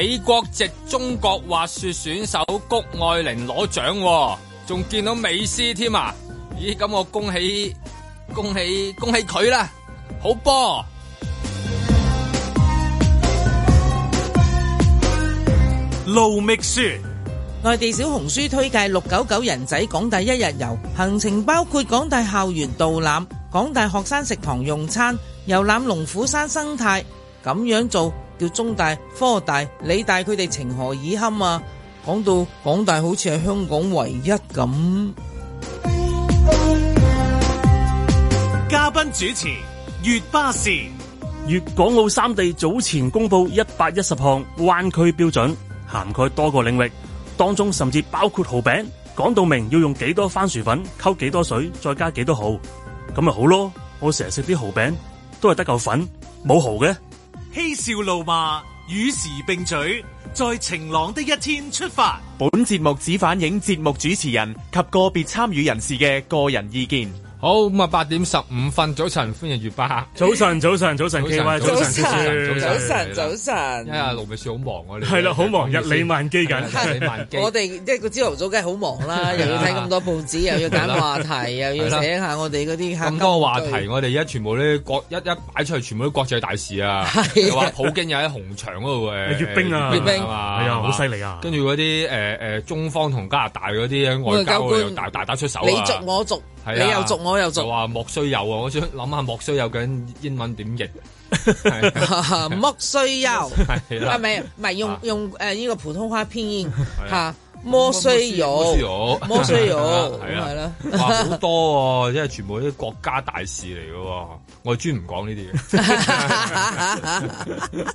美國籍中國滑雪選手谷愛玲攞獎，仲見到美斯添啊！咦，咁我恭喜恭喜恭喜佢啦！好波，盧覓雪，內地小紅書推介六九九人仔港大一日遊行程，包括港大校園導覽、港大學生食堂用餐、遊覽龍虎山生態，咁樣做。叫中大、科大、理大，佢哋情何以堪啊？講到港大，好似係香港唯一咁。嘉賓主持：粵巴士，粵港澳三地早前公布一百一十項灣區標準，涵蓋多個領域，當中甚至包括蠔餅。講到明要用幾多番薯粉、溝幾多水、再加幾多蠔，咁咪好咯。我成日食啲蠔餅，都係得嚿粉，冇蠔嘅。嬉笑怒罵，與時並舉，在晴朗的一天出發。本節目只反映節目主持人及個別參與人士嘅個人意見。好咁啊！八點十五分，早晨，歡迎月巴。早晨，早晨，早晨早晨，早晨，叔叔，早晨，早晨。因為盧覓雪好忙我哋。係咯，好忙，日理萬機緊，日理萬機。我哋即係個朝頭早梗係好忙啦，又要睇咁多報紙，又要揀話題，又要寫下我哋嗰啲。咁多話題，我哋而家全部都國一一擺出去，全部都國際大事啊！又話普京又喺紅場嗰度嘅閱兵啊，閱兵啊嘛，係啊，好犀利啊！跟住嗰啲誒誒，中方同加拿大嗰啲嘅外交又大大打出手，你逐我逐。你又逐我又逐，話莫須有啊！我想諗下莫須有嘅英文點譯？ 莫須有係咪？唔係、 啊、用 用誒呢、呃這個普通話拼音吓？ 莫須有， 莫須有，係 啦。 好多啊，即係全部啲國家大事嚟嘅、啊，我專唔講呢啲嘅。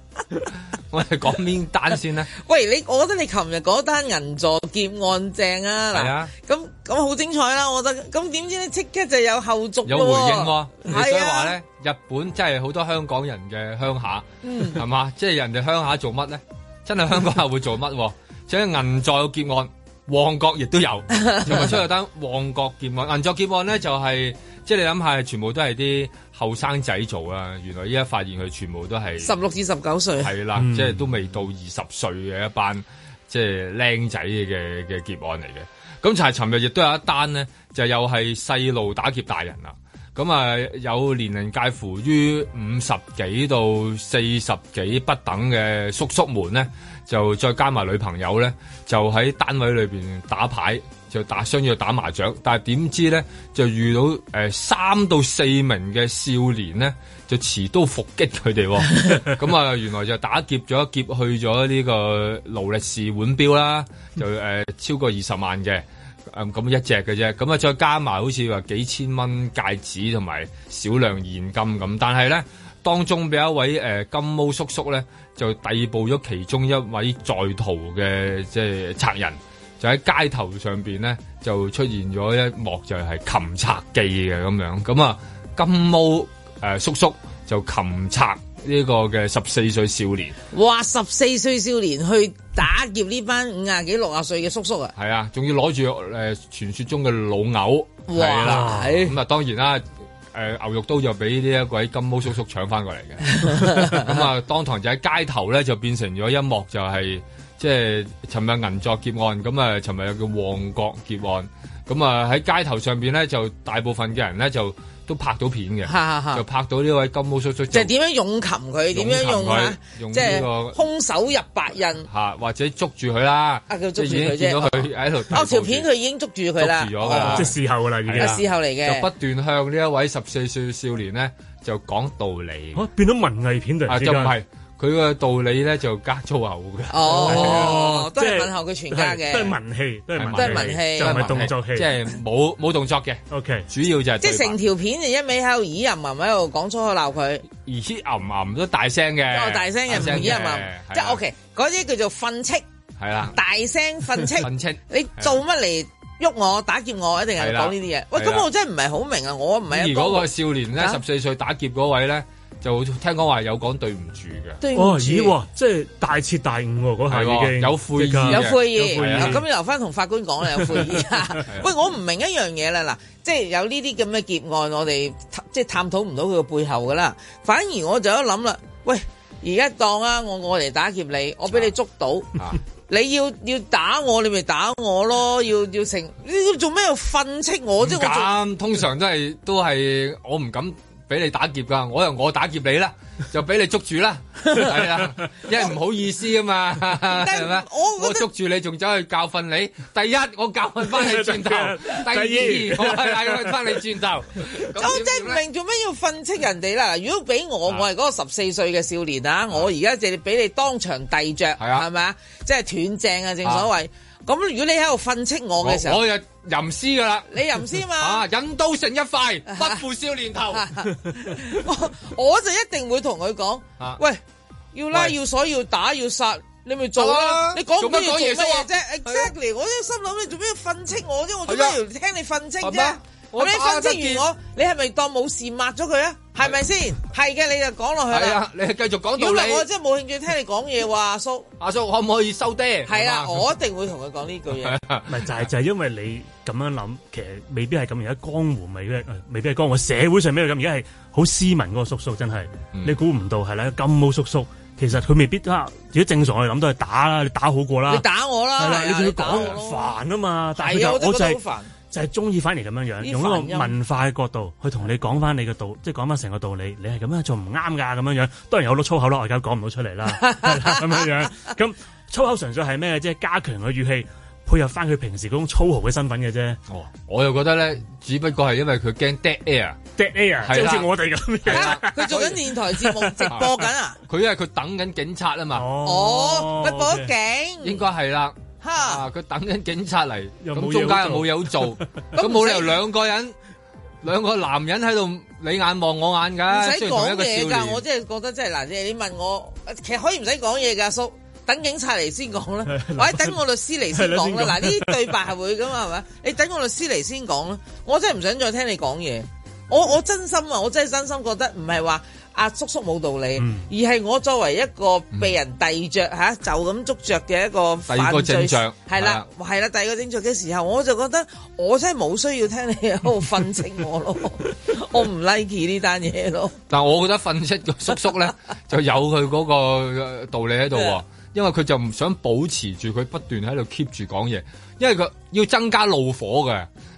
我哋講邊單先咧？ 喂，你我覺得你琴日嗰單銀座劫案正啊！係啊，咁咁好精彩啦！我覺得，咁點知咧，即刻就有後續、啊，有回應、啊。啊、所以話咧，日本真係好多香港人嘅鄉下，係嘛？ 即係人哋鄉下做乜咧？真係香港人會做乜？ 所以銀座劫案，旺角亦都有。仲咪 出咗單旺角劫案？銀座劫案咧就係、是。即係你諗下，全部都係啲後生仔做啊！原來依家發現佢全部都係十六至十九歲，係啦了，嗯、即係都未到二十歲嘅一班即係靚仔嘅嘅劫案嚟嘅。咁查尋日亦都有一單咧，就又係細路打劫大人啦！咁啊，有年齡介乎於五十幾到四十幾不等嘅叔叔們咧，就再加埋女朋友咧，就喺單位裏邊打牌。就打商又打麻雀，但係點知咧，就遇到誒三到四名嘅少年咧，就持刀伏擊佢哋，咁啊原來就打劫咗劫去咗呢個勞力士腕表啦，就誒、呃、超過二十萬嘅，咁、哎、一隻嘅啫，咁、嗯、啊再加埋好似話幾千蚊戒指同埋少量現金咁，但係咧當中俾一位誒金毛叔叔咧就逮捕咗其中一位在逃嘅即係賊人。就喺街頭上邊咧，就出現咗一幕就係擒賊記嘅咁樣。咁啊，金毛誒叔叔就擒賊呢個嘅十四歲少年。哇！十四歲少年去打劫呢班五廿幾六廿歲嘅叔叔啊！係啊，仲要攞住誒傳説中嘅老牛。係啦，咁啊當然啦，誒牛肉刀就俾呢一位金毛叔叔搶翻過嚟嘅。咁啊，當堂就喺街頭咧，就變成咗一幕就係。即係尋日銀座劫案，咁啊尋日又叫旺角劫案，咁啊喺街頭上邊咧就大部分嘅人咧就都拍到片嘅，就拍到呢位金毛叔叔。就點樣擁擒佢？點樣用啊？即係空手入白刃，嚇或者捉住佢啦。啊，已經見到佢喺度。哦，條片佢已經捉住佢啦，捉住咗啦。即係事後啦，已經。事後嚟嘅。就不斷向呢一位十四歲少年咧，就講道理。嚇，變咗文藝片就唔係。佢個道理咧就加粗口嘅，哦，都係問候佢全家嘅，都係文戲，都係文都戲，文唔係動作戲，即係冇冇動作嘅。OK，主要就係即係成條片就一味喺度耳吟吟喺度講粗口鬧佢，而且吟吟都大聲嘅，大聲嘅，唔聲耳吟吟，即係 OK。嗰啲叫做訓斥，係啦，大聲訓斥，訓斥你做乜嚟喐我打劫我，一定係講呢啲嘢。喂，咁我真係唔係好明啊，我唔係好明。而嗰個少年咧，十四歲打劫嗰位咧。就聽講話有講對唔住嘅，哇、哦、咦哇，即係大徹大悟喎、啊，嗰係已經、啊、有，悔有悔意，有悔意。咁留翻，同法官講啦，有悔意 喂，我唔明一樣嘢啦，嗱，即係有呢啲咁嘅劫案，我哋即係探討唔到佢嘅背後噶啦。反而我就一諗啦，喂，而家當啊，我我嚟打劫你，我俾你捉到，啊、你要要打我，你咪打我咯，要要成，你做咩要訓斥我？咁敢做通常都係都係我唔敢。俾你打劫噶，我又我打劫你啦，就俾你捉住啦，係啊，因為唔好意思啊嘛，我捉住你仲走去教訓你，第一我教訓翻你轉頭，第二我教訓翻你轉頭。樣樣我真唔明做咩要訓斥人哋啦？如果俾我，我係嗰個十四歲嘅少年啊，我而家就俾你當場遞着！係咪啊？即係斷正啊，正所謂。咁的如果你喺度訓斥我嘅時候，吟詩噶啦，你吟詩啊嘛？啊，引刀成一塊，不負少年頭。我就一定會同佢講，喂，要拉要鎖要打要殺，你咪做啦。你講咩嘢耶穌啫？Exactly，我心諗你做咩要訓斥我啫？我做咩要聽你訓斥啫？我呢講完我，你係咪當冇事抹咗佢啊？係咪先？係嘅，你就講落去啦。係啊，你係繼續講道理。咁咪我真係冇興趣聽你講嘢話，阿叔阿叔，可唔可以收爹？係啊，我一定會同佢講呢句嘢。咪就係就係因為你咁樣諗，其實未必係咁。而家江湖咪咩？未必係江湖，社會上邊度咁？而家係好斯文嗰個叔叔，真係你估唔到係啦。金毛叔叔，其實佢未必啦。如果正常去諗，都係打啦，你打好過啦。你打我啦，係啦，你叫佢講煩啊嘛！但係我就我就～就係中意翻嚟咁樣樣，用一個文化嘅角度去同你講翻你嘅道理，即係講翻成個道理。你係咁樣做唔啱㗎，咁樣樣當然有好多粗口啦，我而家講唔到出嚟啦，咁樣 樣。咁粗口純粹係咩？即係加強個語氣，配合翻佢平時嗰種粗豪嘅身份嘅啫。哦，我又覺得咧，只不過係因為佢驚 dead air，dead air 係啦 ad、啊，好似我哋咁。佢、啊啊、 做緊電台節目直、就是、播緊啊！佢因為佢等緊警察啊嘛。哦，去報警應該係啦。啊！佢等緊警察嚟，咁中間又冇嘢做，咁冇 都 理由兩個人兩 個男人喺度你眼望我眼噶，唔使講嘢噶，我真係覺得真係難嘅。你問我，其實可以唔使講嘢噶，叔等警察嚟先講啦， 或者等我律師嚟先講啦。嗱，呢啲對白係會噶嘛，係咪？你等我律師嚟先講啦，我真係唔想再聽你講嘢。我我真心啊，我真係真心覺得唔係話。阿、啊、叔叔冇道理，嗯、而係我作為一個被人遞着，嚇、嗯啊、就咁捉着嘅一個，第二個證據係啦，係啦，第二個證據嘅時候，我就覺得我真係冇需要聽你喺度訓斥我咯， 我唔 like 呢單嘢咯。但係我覺得訓斥個叔叔咧， 就有佢嗰個道理喺度的，因為佢就唔想保持住佢不斷喺度 keep 住講嘢，因為佢要增加怒火嘅。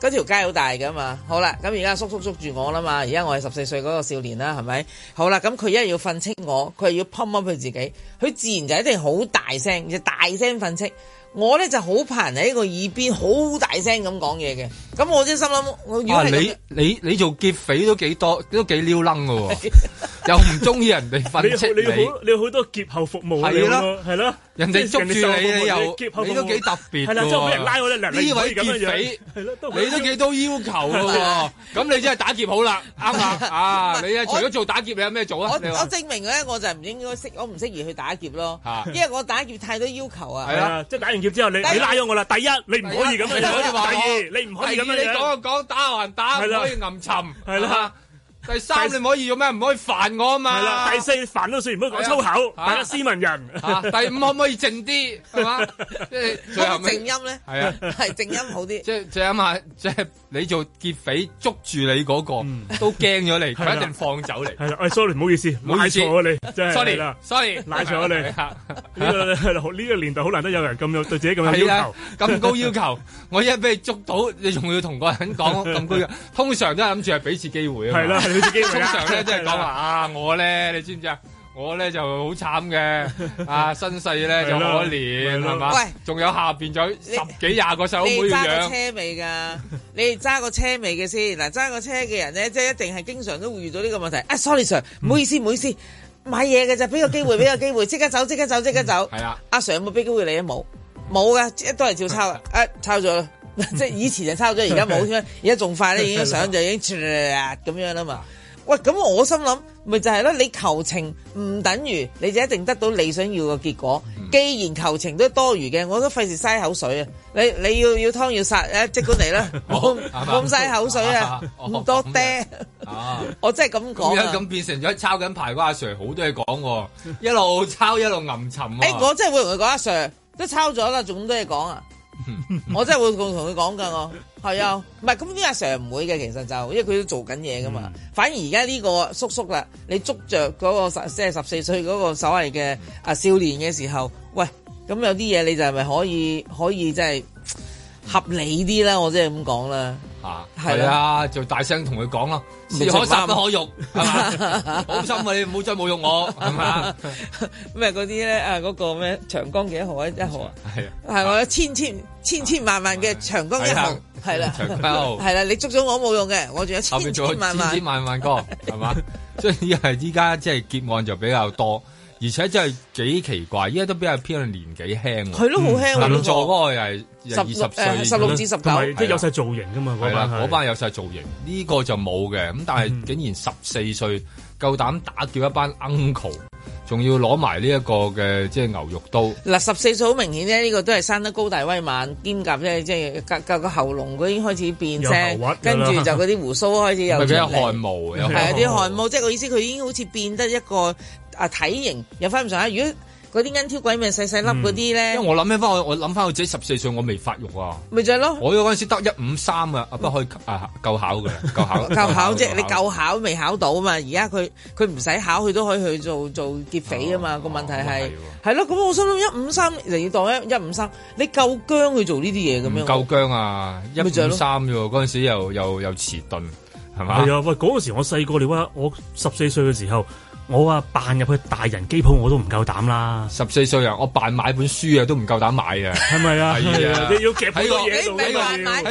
嗰條街好大㗎嘛，好啦，咁而家叔叔捉住我啦嘛，而家我係十四歲嗰個少年啦，係咪？好啦，咁佢一要訓斥我，佢係要抨抨佢自己，佢自然就一定好大聲，就大聲訓斥。我咧就好怕人喺個耳邊好大聲咁講嘢嘅，咁我真心諗，我如果係咁，你你你做劫匪都幾多，都幾撩楞噶，又唔中意人哋瞓車你，你要好，你要好多劫後服務係咯，係咯，人哋捉住你又，你都幾特別係啦，即係俾人拉我咧，呢位劫匪，係咯，你都幾多要求噶，咁你真係打劫好啦，啱唔啱啊？你啊，除咗做打劫，你有咩做啊？我我證明咧，我就唔應該適，我唔適宜去打劫咯，吓，因為我打劫太多要求啊，係啊，即係打完劫。之後你你拉咗我啦，第一你唔可以咁樣，第二你唔可以咁樣，你講就講，打還打，係啦，唔可以暗沉。係啦。啊第三你唔可以做咩？唔可以煩我啊嘛。係啦。第四煩都算，唔好講粗口，係啦，大家斯文人。第五可唔可以靜啲？係嘛，即係最後靜音咧。係啊，係靜音好啲。即係最啱啊！即係你做劫匪捉住你嗰個都驚咗你，佢一定放走你。係啦。哎，sorry，唔好意思，拉錯啊你，真係 sorry 啦，sorry，拉錯啊你。呢個呢個年代好難得有人咁樣對自己咁樣要求，咁高要求。我一俾你捉到，你仲要同個人講咁高嘅，通常都係諗住係俾次機會。係啦。通常咧即係講話啊，我咧你知唔知啊？我咧就好慘嘅，啊身世咧就可憐係嘛，仲有下邊仲十幾廿個細佬妹養。你揸過車未噶？你揸過車未嘅先嗱？揸過車嘅人咧，即係一定係經常都會遇到呢個問題。啊，sorry，sir，唔好意思，唔好意思，買嘢嘅就俾個機會，俾個機會，即刻走，即刻走，即刻走。係啊，阿 Sir 有冇俾機會你啊？冇，冇噶，一都係照抄啦。誒，抄咗啦。即係以前就抄咗，而家冇添。而家仲快咧，已經上就已經咁樣啦嘛。喂，咁我心諗，咪就係咯，你求情唔等於你就一定得到你想要嘅結果。既然求情都多餘嘅，我都費事嘥口水啊！你你要要劏要殺，誒，即管嚟啦，冇咁嘥口水啊，多爹。我真係咁講，而家咁變成咗抄緊牌嗰阿 Sir 好多嘢講喎，一路抄一路吟沉。誒，我真係會同佢講，阿 Sir 都抄咗啦，仲咁多嘢講啊！ 我真係會咁同佢講噶我係啊，唔係咁呢？阿 Sir 唔會嘅，其實就因為佢都做緊嘢噶嘛。反而而家呢個叔叔啦，你捉着嗰個十即係十四歲嗰個所謂嘅啊少年嘅時候，喂，咁有啲嘢你就係咪可以可以即係合理啲咧？我真係咁講啦。啊，係啊，就大聲同佢講咯，是可殺不可辱，係嘛，好心啊，你唔好再侮辱我，係咪啊？嗰啲咧？啊，嗰個咩長江幾號啊？一號啊，係啊，係我千千千千萬萬嘅長江一號，係啦，長江一號，係啦，你捉咗我冇用嘅，我仲有千千千千萬萬個，係嘛，所以係依家即係結案就比較多。而且真係幾奇怪，依家都比較偏向年紀輕。佢都好輕。林座嗰個又係二十歲，誒十六至十九，即係有晒造型㗎嘛？嗰班有晒造型，呢個就冇嘅。咁但係竟然十四歲夠膽打叫一班 uncle，仲要攞埋呢一個嘅即係牛肉刀。嗱，十四歲好明顯呢，呢個都係生得高大威猛，肩胛咧，即係夾夾個喉嚨，佢已經開始變聲，跟住就嗰啲鬍鬚開始有。係比較汗毛。係啊，啲汗毛，即係我意思，佢已經好似變得一個。啊，體型又翻唔上下。如果嗰啲鈴條鬼命細細粒嗰啲咧，因為我諗翻我諗翻我自己十四歲，我未發育啊，咪就係咯。我嗰陣時得一五三啊，不過可以啊夠考嘅，夠考夠考啫。你夠考未考到啊嘛？而家佢佢唔使考，佢都可以去做做劫匪啊嘛。個問題係係咯。咁我想諗一五三，就要當一一五三。你夠僵去做呢啲嘢咁樣，夠僵啊一五三啫。嗰陣時又又又遲鈍係咪？係啊喂！嗰陣時我細個你話我十四歲嘅時候。我啊扮入去大人機鋪，我都唔夠膽啦。十四歲啊，我扮買本書啊，都唔夠膽買呀。係咪啊？係呀，你要夾喺個喺個喺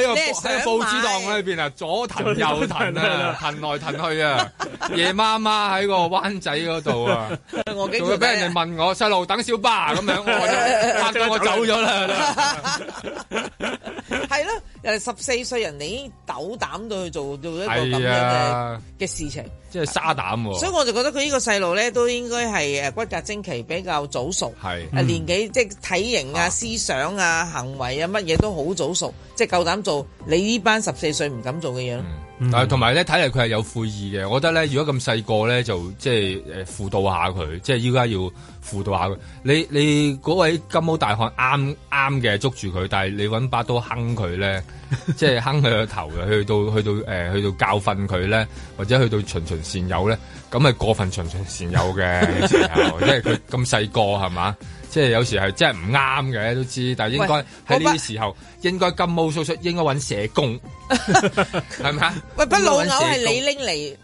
個喺個報紙檔裏邊啊，左騰右騰啊，騰來騰去啊，夜媽媽喺個灣仔嗰度啊，仲會俾人哋問我細路等小巴咁樣，我發咗我走咗啦，係咯。十四歲人你已經斗膽到去做到一個咁樣嘅嘅事情，即係、哎就是、沙膽喎、啊。所以我就覺得佢呢個細路咧都應該係誒骨骼精奇，比較早熟，係是、嗯、年紀即係體型啊、啊思想啊、行為啊乜嘢都好早熟，即係夠膽做你呢班十四歲唔敢做嘅嘢。嗯但係同埋咧，睇嚟佢係有悔意嘅。我覺得咧，如果咁細個咧，就即係誒、呃、輔導下佢，即係依家要輔導下佢。你你嗰位金毛大漢啱啱嘅捉住佢，但係你揾把刀坑佢咧，即係坑佢個頭嘅， 去到去到誒去到教訓佢咧，或者去到循循善誘咧，咁係過分循循善誘嘅， 即係佢咁細個係嘛？即係有時係真係唔啱嘅，都知，但係應該喺呢啲時候，應該金毛叔叔，應該揾社工，係咪啊？喂，不老牛係你拎嚟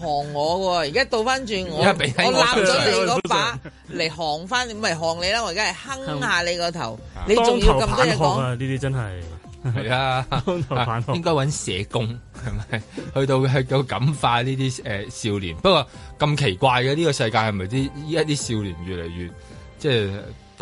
降我嘅，而家倒翻轉我，我攬咗你嗰把嚟降翻，唔係降你啦，我而家係哼下你個頭，你仲要咁多嘢講？呢啲真係係啊，應該揾社工，係咪？去到去到感化呢啲誒少年， 不過咁奇怪嘅呢、這個世界係咪啲依家啲少年越嚟越？即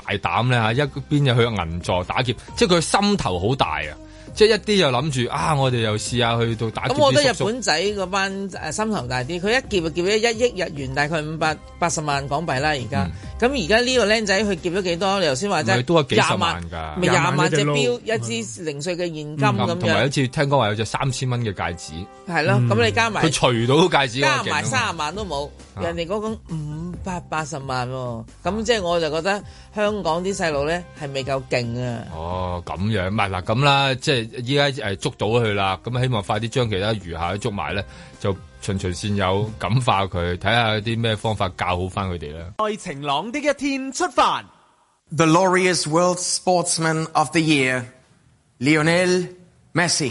係大膽咧嚇，一邊就去銀座打劫，即係佢心頭好大啊！即係一啲又諗住啊！我哋又試下去到打咁，我覺得日本仔嗰班誒心頭大啲。佢一劫就劫咗一億日元，大概五百八十萬港幣啦。而家咁，而家呢個僆仔佢劫咗幾多？你頭先話啫，幾十萬㗎，咪廿萬隻表一支零碎嘅現金咁樣，同埋好似聽講話有隻三千蚊嘅戒指，係咯。咁你加埋佢除到戒指，加埋三十萬都冇。人哋嗰種五百八十萬，咁即係我就覺得。香港啲細路咧係未夠勁啊！哦，咁樣，唔係嗱咁啦，即係依家誒捉到佢啦，咁希望快啲將其他餘下都捉埋咧，就循循善友誘，感化佢，睇下有啲咩方法教好翻佢哋咧。在晴朗的一天出發，The Laureus World Sportsman of the Year，Lionel Messi。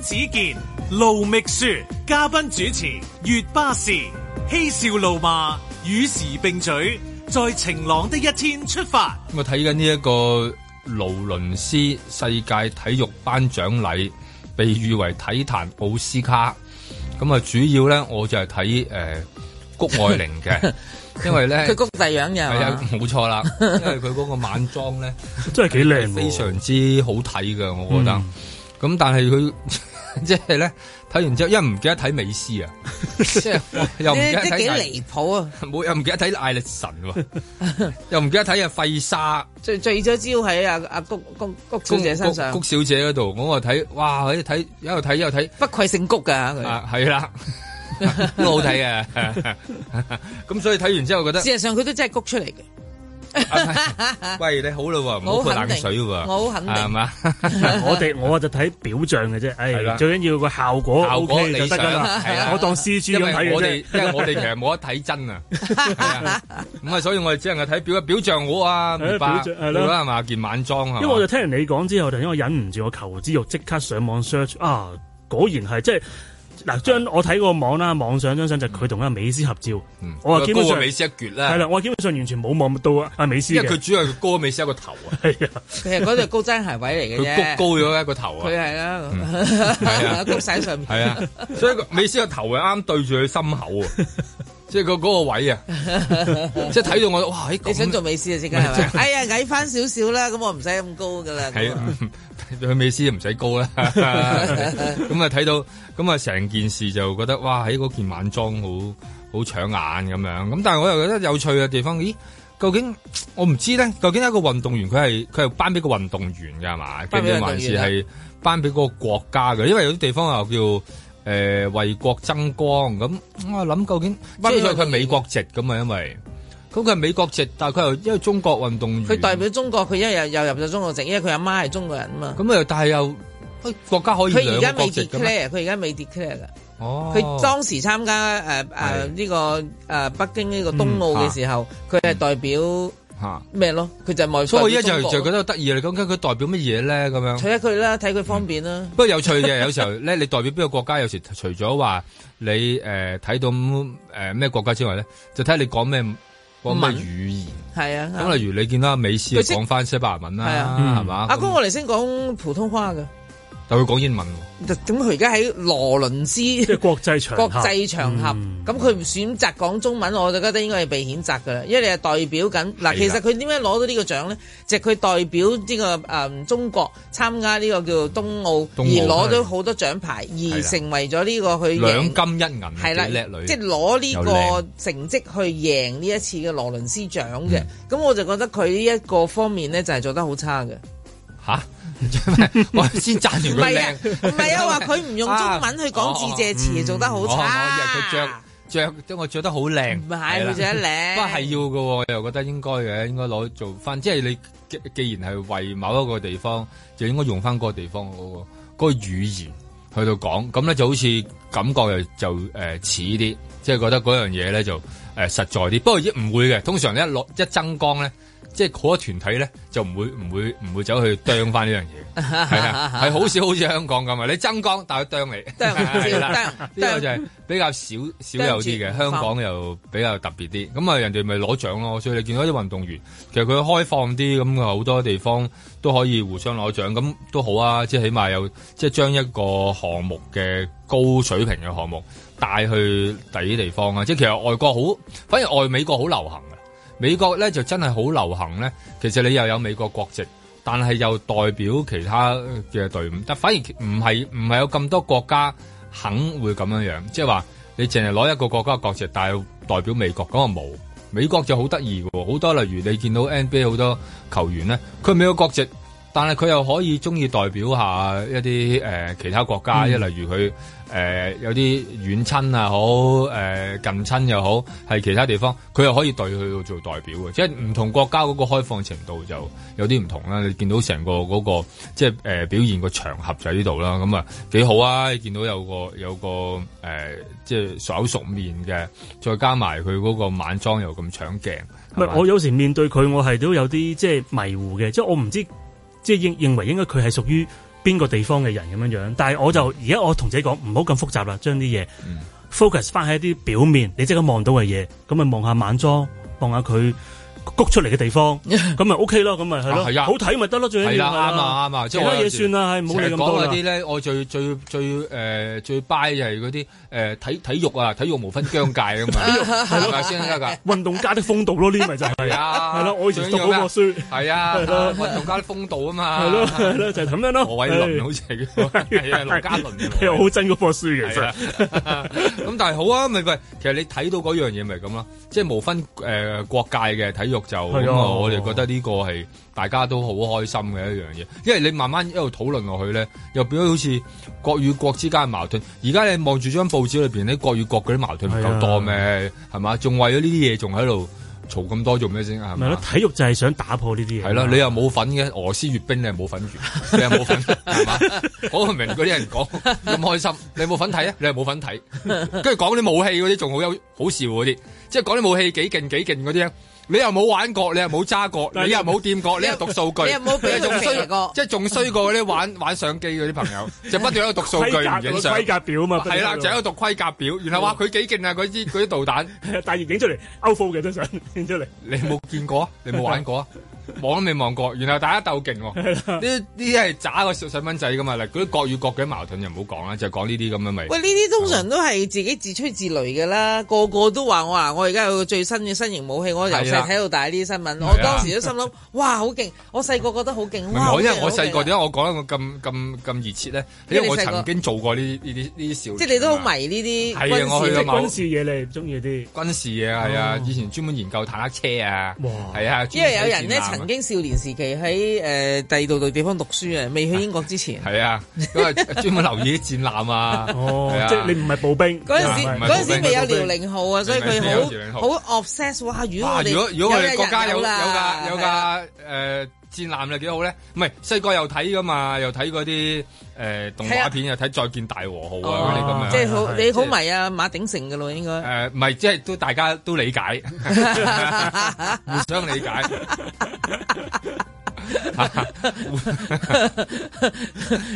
子健、盧覓雪，嘉賓主持，月巴士，嬉笑怒罵，與時並舉，在晴朗的一天出發。我睇緊呢一個勞倫斯世界體育頒獎禮，被譽為體壇奧斯卡。咁啊，主要咧，我就係睇誒谷愛玲嘅，因為咧佢 谷大樣係呀，冇錯啦，因為佢嗰個晚裝咧 真係幾靚，非常之好睇㗎，我覺得。嗯咁但係佢即係咧睇完之後，因為唔記得睇美斯啊，又唔記得睇，幾離譜啊，即係又唔記得睇艾力神，啊，又唔記得睇阿費沙，醉醉咗招喺阿阿谷谷谷小姐身上，谷，谷小姐嗰度，我話睇哇，喺度睇一度睇一度睇，不愧姓谷噶，啊係啦，好睇嘅，咁所以睇完之後覺得，事實上佢都真係谷出嚟嘅。喂，你好咯，唔好潑冷水喎，我好肯定係嘛，我哋我就睇表象嘅啫，唉，最緊要個效果，效果理想，係啊，我當 C G 咁睇我哋因為我哋其實冇得睇真啊，咁啊，所以我哋只能夠睇表表象我啊，明白，好啦，係嘛，件晚裝啊，因為我就聽完你講之後，就因為忍唔住我求知欲，即刻上網 search 啊，果然係即係。嗱，張我睇個網啦，網上張相就佢同阿美斯合照，嗯、我話基本上高過美斯一橛啦。係啦，我基本上完全冇望到阿美斯，因為佢主要係高美斯個高高一個頭啊。係啊、那個，其實嗰對高踭鞋位嚟嘅啫，高咗一個頭啊。佢係啦，高晒上面。係啊，所以美斯個頭啊，啱對住佢心口啊。即係個嗰個位啊！ 即係睇到我哇！你想做美斯啊？正係哎呀，矮翻少少啦，咁我唔使咁高噶啦。係啊，做美斯唔使高啦。咁啊睇到，咁啊成件事就覺得哇！喺、哎、嗰件晚裝好好搶眼咁樣。咁但係我又覺得有趣嘅地方，咦？究竟我唔知咧，究竟一個運動員佢係佢係頒俾個運動員㗎係嘛？頒俾運動員。定係頒俾個國家㗎，因為有啲地方又叫。誒、呃，為國爭光咁，我諗、啊、究竟，即係佢美國籍咁啊，因為咁佢係美國籍，但係佢又因為中國運動員，佢代表中國，佢一日又入咗中國籍，因為佢阿媽係中國人啊嘛。咁啊，但係又國家可以佢而家未 declare 佢而家未 declare 啦。Are, 哦，佢當時參加誒誒呢個誒北京呢個冬奧嘅時候，佢係、嗯、代表。嗯吓咩、啊、咯？佢就係外，所以我一就就覺得得意你講緊，佢代表乜嘢咧？咁樣除咗佢啦，睇佢方便啦、嗯。不過有趣嘅， 有時候咧，你代表邊個國家？有時除咗話你誒，睇、呃、到誒咩國家之外咧，就睇你講咩講咩語言。係啊。咁例如你見到美斯講翻西班牙文啦，係嘛？阿哥，我嚟先講普通話嘅。就佢講英文，咁佢而家喺羅倫斯，即係國際場合。國際場合咁，佢唔選擇講中文，我就覺得應該係被譴責嘅啦。因為你係代表緊，嗱，其實佢點解攞到呢個獎咧？就佢代表呢個誒中國參加呢個叫做冬奧，而攞到好多獎牌，而成為咗呢個去贏兩金一銀，係啦，叻女，即係攞呢個成績去贏呢一次嘅羅倫斯獎嘅。咁我就覺得佢呢一個方面咧，就係做得好差嘅。嚇！ 我先讚住佢靚，唔係啊，話佢唔用中文去講字謝詞做得好差，佢着着即我着得好靚是，唔係着靚，不過係要嘅，又覺得應該嘅，應該攞做翻。即係你既，既然係為某一個地方，就應該用翻嗰個地方嗰個嗰個語言去到講，咁咧就好似感覺又就誒、呃、似啲，即係覺得嗰樣嘢咧就誒、呃、實在啲。不過亦唔會嘅，通常一落一增光咧。即係嗰、那個團體咧，就唔會唔會唔會走去釘翻呢樣嘢，係啊， 好少好似香港咁啊！你增光，但佢釘你，呢個就係比較少少有啲嘅，住香港又比較特別啲。咁啊，人哋咪攞獎咯。所以你見到啲運動員，其實佢開放啲，咁好多地方都可以互相攞獎，咁都好啊。即係起碼有，即係將一個項目嘅高水平嘅項目帶去第啲地方啊！即係其實外國好，反而外美國好流行。美國咧就真係好流行咧，其實你又有美國國籍，但係又代表其他嘅隊伍，但反而唔係唔係有咁多國家肯會咁樣樣，即係話你淨係攞一個國家嘅國籍，但係又代表美國，嗰個冇美國就好得意喎，好多例如你見到 NBA 好多球員咧，佢美國國籍。但係佢又可以中意代表一下一啲誒、呃、其他國家，一、嗯、例如佢誒、呃、有啲遠親啊好，誒、呃、近親又好，係其他地方，佢又可以對佢做代表嘅，即係唔同國家嗰個開放程度就有啲唔同啦。你見到成個嗰、嗰個即係誒、呃、表現個場合就喺呢度啦，咁啊幾好啊！你見到有個有個誒、呃、即係熟口熟面嘅，再加埋佢嗰個晚裝又咁搶鏡。唔係、嗯，吧我有時面對佢，我係都有啲即係迷糊嘅，即係我唔知。即係認認為應該佢係屬於邊個地方嘅人咁樣樣，但係我就而家我同自己講唔好咁複雜啦，將啲嘢 focus 翻喺啲表面，你即刻望到嘅嘢，咁咪望下晚裝，望下佢。谷出嚟嘅地方，咁咪 O K 咯，咁咪係咯，好睇咪得咯，最緊要係啦，啱啊啱啊，其他嘢算啦，係，唔好理咁多。講嗰啲咧，我最最最誒最 buy 就係嗰啲誒體體育啊，體育無分疆界啊嘛，係咪先得㗎？運動家的風度咯，呢啲咪就係。係啊，係咯，我以前讀嗰個書。係啊，運動家的風度啊嘛。係咯係咯，就係咁樣咯。何偉麟好似係嘅，係啊，羅家倫。係我好憎嗰個書嘅。係啊，咁但係好啊，咪佢，其實你睇到嗰樣嘢咪係咁咯，即係無分誒國界嘅體育。就因為，我哋覺得呢個係大家都好開心嘅一樣嘢，因為你慢慢一路討論落去咧，又變咗好似國與國之間嘅矛盾。而家你望住張報紙裏邊咧，國與國嗰啲矛盾唔夠多咩？係嘛，仲為咗呢啲嘢仲喺度嘈咁多，做咩先啊？唔係咯，體育就係想打破呢啲嘢。係咯吧，你又冇份嘅俄羅斯閱兵你，你又冇份， 你又冇份係嘛？講唔明嗰啲人講咁開心，你冇份睇啊？你又冇份睇，跟住講啲武器嗰啲仲好有好笑嗰啲，即係講啲武器幾勁幾勁嗰啲咧。你又冇玩過，你又冇揸過，你又冇掂過，你又讀數據，你又冇仲衰過，即係仲衰過嗰啲玩玩相機嗰啲朋友，就不斷喺度讀數據影相，規格表啊嘛，係啦，就喺度讀規格表，然後話佢幾勁啊，嗰啲嗰啲導彈帶熱影出嚟，歐富嘅都想影出嚟，你冇見過，你冇玩過。望都未望過，然後大家鬥勁，呢啲係渣個細蚊仔噶嘛？嗰啲國與國嘅矛盾又唔好講啦，就講呢啲咁嘅咪。喂，呢啲通常都係自己自吹自擂噶啦，個個都話我話我而家有最新嘅新型武器，我由細睇到大呢啲新聞，我當時都心諗，哇，好勁！我細個覺得好勁。唔係，因為我細個點解我講得咁咁咁熱切呢？因為我曾經做過呢呢啲呢啲即係你都好迷呢啲係軍事嘢，你中意啲軍事嘢係啊？以前專門研究坦克車啊，係啊，因為有人咧。曾經少年時期喺誒第二度度地方讀書啊，未去英國之前係啊，咁啊專門留意戰艦啊，哦，即係你唔係步兵，嗰陣時陣時未有遼寧號啊，所以佢好好 obsess 哇，如果我哋，如果如果我哋國家有有架有架誒。戰艦又幾好咧，唔係細個又睇噶嘛，又睇嗰啲誒動畫片，看啊、又睇再見大和號啊嗰啲咁樣，即係好你好迷啊馬鼎盛噶咯，應該誒唔係，即係都大家都理解，互 相理解，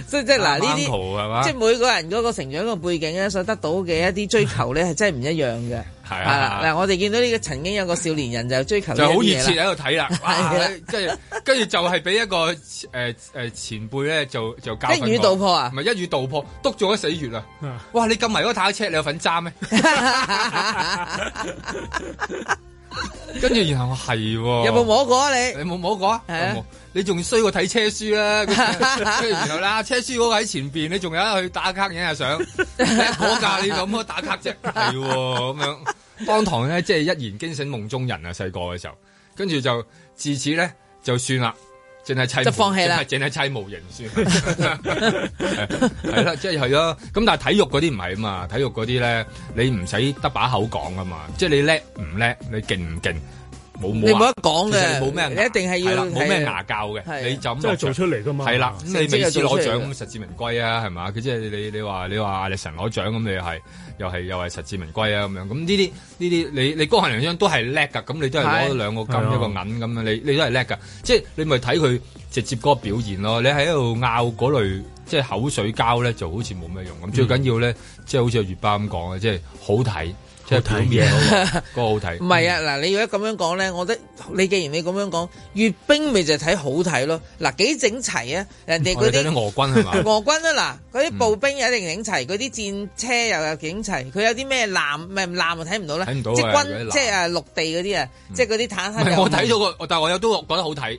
所以即係嗱呢啲，即係每個人嗰個成長個背景咧，所得到嘅一啲追求咧，係真係唔一樣嘅。係啊，嗱、啊、我哋見到呢個曾經有個少年人就追求，就好熱切喺度睇啦，係跟住就係俾一個誒誒前輩咧就就一語道破啊，唔係一語道破，篤咗死穴啦， 哇你咁迷嗰個坦克車，你有份揸咩？ 跟住然後我係、哦、有冇摸過啊你？你冇摸過啊？你仲衰過睇、啊啊、車書啦、啊！ 然後啦，車書嗰個喺前邊，你仲有一去打卡影下相。我教 你咁啊，打卡啫，係咁、 哦、樣。當堂咧，即係一言驚醒夢中人啊！細個嘅時候，跟住就自此咧就算啦。淨係砌，放棄啦！淨係砌模型算，係啦，即係係咯。咁但係體育嗰啲唔係啊嘛，體育嗰啲咧，你唔使得把口講啊嘛，即係，你叻唔叻，你勁唔勁？你唔好得講嘅，冇咩，你一定係要冇咩牙教嘅，你就咁即係做出嚟噶嘛。係啦，你每次攞獎咁實至名歸啊，係咪？佢即係你你話你話你成攞獎咁，你係又係又係實至名歸啊咁樣。咁呢啲呢啲你你江漢良章都係叻㗎，咁你都係攞兩個金一個銀咁樣，你你都係叻㗎。即係你咪睇佢直接嗰個表現咯。你喺度拗嗰類即係口水膠咧，就好似冇咩用咁。最緊要咧，即係好似阿月巴咁講嘅，即係好睇。即係睇嘢， 個好睇。唔係 啊，嗱， 你如果咁樣講咧，我覺得你既然你咁樣講，閱兵咪就睇好睇咯。嗱，幾整齊啊，人哋嗰啲俄軍係嘛， 俄軍啊，嗱，嗰啲步兵一定整齊，嗰啲、 嗯、戰車又有整齊，佢 有啲咩艦咪艦又睇唔到咧。睇唔到，即係即係啊，陸地嗰啲啊，即係嗰啲坦克。我睇到個，但係我有都覺得好睇。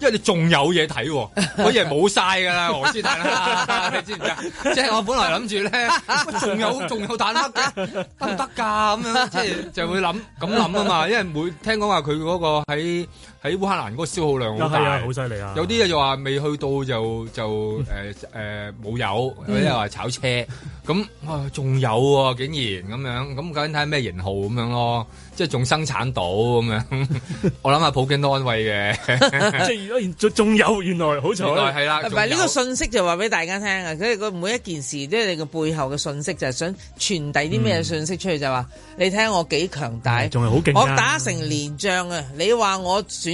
因為你仲有嘢睇喎，我 以為冇晒㗎啦，黃師 蛋啦、啊， 你知唔知啊？即係 我本來諗住咧，仲 有仲有蛋撻嘅得唔得㗎？咁樣即係就會諗咁諗啊嘛，因為每聽講話佢嗰個喺，喺烏克蘭嗰個消耗量好大，好犀利啊！有啲嘢就話未去到就就誒誒冇油，有啲話炒車咁，仲有喎！竟然咁樣，咁究竟睇咩型號咁樣咯？即係仲生產到咁樣，我諗下普京都安慰嘅，即係啊，仲仲有原來好彩係啦。唔係呢個信息就話俾大家聽嘅，所以佢每一件事即係你背後嘅信息就係想傳遞啲咩信息出去就話你睇我幾強大，仲係好勁，我打成連仗啊！你話我選。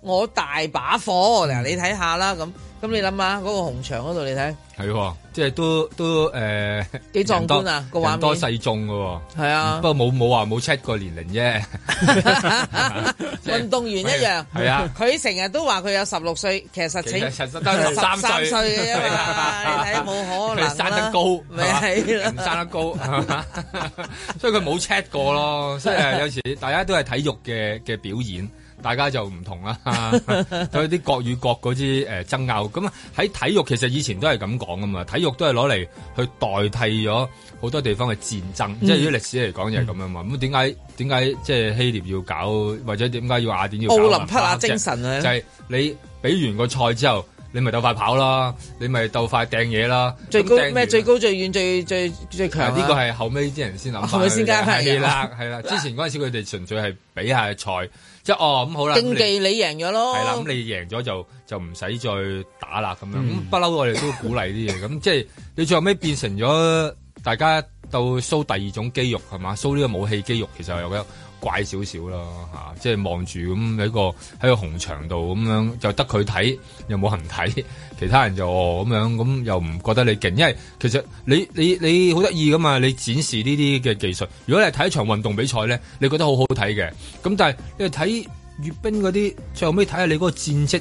我大把貨，嗱你睇下啦，咁咁你諗下嗰個紅牆嗰度，你睇係即係都都誒，幾壯觀啊！人多勢眾嘅，係啊，不過冇冇話冇 check 過年齡啫。運動員一樣，係啊，佢成日都話佢有十六歲，其實其實淨係得十三歲嘅啫嘛，你睇冇可能啦。佢生得高，咪係唔生得高，所以佢冇 check 過咯。即係有時大家都係體育嘅嘅表演。大家就唔同啦，有啲國與國嗰啲誒爭拗，咁啊喺體育其實以前都係咁講噶嘛，體育都係攞嚟去代替咗好多地方嘅戰爭，嗯、即係如果歷史嚟講就係咁樣嘛。咁點解點解即係希臘要搞，或者點解要雅典要，要搞奧林匹亞精神咧？啊、就係你畀完個賽之後。你咪鬥快跑啦，你咪鬥快掟嘢啦，最高咩？最高最遠最最最強呢個係後尾啲人先諗，後尾先加派嘅？係啦， 係啦， 之前嗰陣時佢哋純粹係比下賽，即、就、係、是、哦咁、嗯、好啦。競技你贏咗咯，係啦，咁、嗯、你贏咗就就唔使再打啦，咁樣咁不嬲。嗯、我哋都鼓勵啲嘢，咁 即係你最後尾變成咗大家到 show 第二種肌肉係嘛？show 呢個武器肌肉，其實又怪少少咯嚇，即係望住咁喺個喺個紅場度咁樣，就得佢睇，又冇人睇，其他人就餓咁樣，咁又唔覺得你勁，因為其實你你你好得意噶嘛，你展示呢啲嘅技術。如果你係睇一場運動比賽咧，你覺得好好睇嘅，咁但係你係睇閱兵嗰啲，最後尾睇下你嗰個戰績。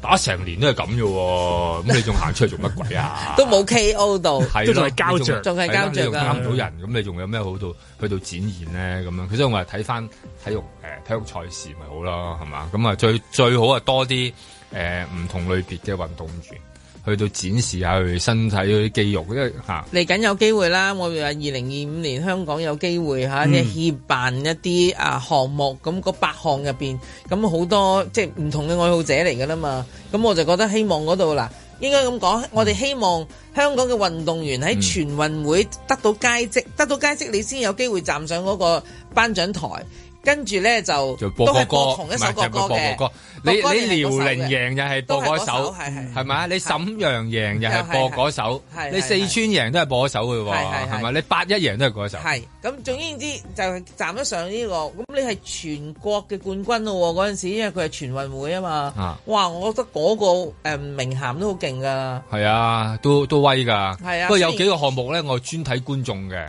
打成年都係咁嘅喎，咁你仲行出嚟做乜鬼啊？ 都冇 K.O. 到，仲係 膠着，仲係 膠着啊！冚到對對人，咁對你仲有咩好到去到展現咧？咁樣，其實我話睇翻體育誒、呃、體育賽事咪好咯，係嘛？咁啊最最好啊多啲誒唔同類別嘅運動員。去到展示下佢身體嗰啲肌肉，因為嚇嚟緊有機會啦。我哋話二零二五年香港有機會嚇，即係、嗯、協辦一啲啊項目咁，個八項入邊，咁好多即係唔同嘅愛好者嚟噶啦嘛。咁我就覺得希望嗰度啦，應該咁講，嗯、我哋希望香港嘅運動員喺全運會得到佳績，嗯、得到佳績你先有機會站上嗰個頒獎台。跟住咧就都係播歌同一首歌嘅，你你遼寧贏又係播嗰首，係係係咪啊？你瀋陽贏又係播嗰首，你四川贏都係播嗰首嘅喎，係咪？你八一贏都係嗰首。係咁，總而言之就站得上呢個，咁你係全國嘅冠軍咯。嗰陣時因為佢係全運會啊嘛，哇！我覺得嗰個誒名銜都好勁噶。係啊，都都威噶。係啊，不過有幾個項目咧，我專睇觀眾嘅。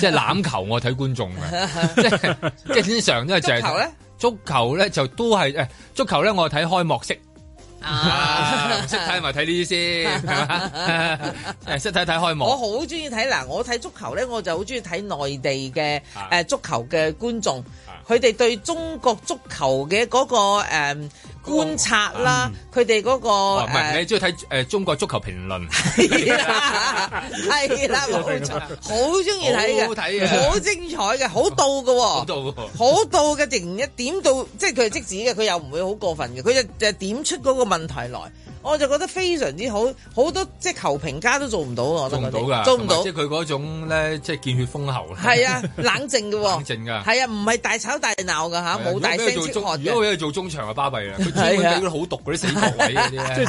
即係欖球我，我睇觀眾嘅，即係即係正常都係成。足球咧，足球咧就都係誒，足球咧我睇開幕式。啊，啊，識睇咪睇呢啲先，識睇睇開幕。我好中意睇嗱，我睇足球咧，我就好中意睇內地嘅誒、啊啊、足球嘅觀眾，佢哋、啊、對中國足球嘅嗰、嗰個誒。嗯觀察啦，佢哋嗰個唔係你中意睇誒中國足球評論係啦，係啦，冇錯，好中意睇嘅，好精彩嘅，好到嘅，好到嘅，好到嘅，直一點到，即係佢係即時嘅，佢又唔會好過分嘅，佢就就點出嗰個問題來，我就覺得非常之好，好多即係球評家都做唔到，我做唔到噶，做唔到，即係佢嗰種咧，即係見血封喉，係啊，冷靜嘅，冷靜噶，係啊，唔係大吵大鬧嘅吓，冇大聲出汗，如果佢做中場啊，巴閉啊。好啲係啊！即係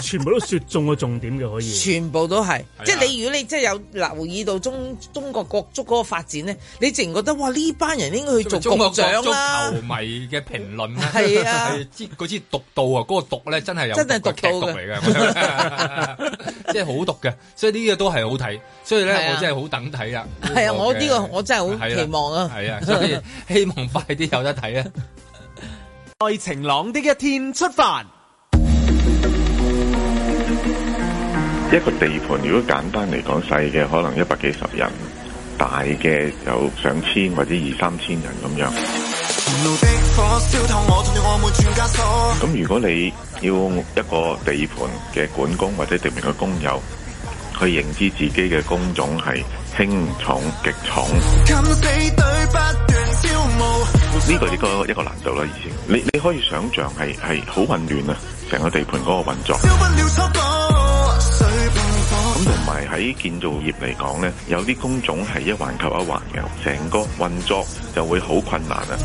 全部都說中個重點就可以全部都係。即係你如果你真係有留意到中中國國足嗰個發展咧，你自然覺得哇，呢班人應該去做國腳啦。球迷嘅評論係啊，係之嗰支毒到啊，嗰個毒咧真係有真係毒到嘅，即係好毒嘅。所以呢個都係好睇。所以咧，我真係好等睇啊！係啊，我呢個我真係好期望啊！係啊，所以希望快啲有得睇啊！在晴朗的一天出發。一個地盤如果簡單嚟講細嘅可能一百幾十人，大嘅有上千或者二三千人咁樣。咁 如果你要一個地盤嘅管工或者地盤嘅工友去認知自己嘅工種係。輕重極重，呢個一個一個難度啦。以前你你可以想像係係好混亂啊，成個地盤嗰個運作。咁同埋喺建造業嚟講呢，有啲工種係一環扣一環嘅，成個運作就會好困難啊。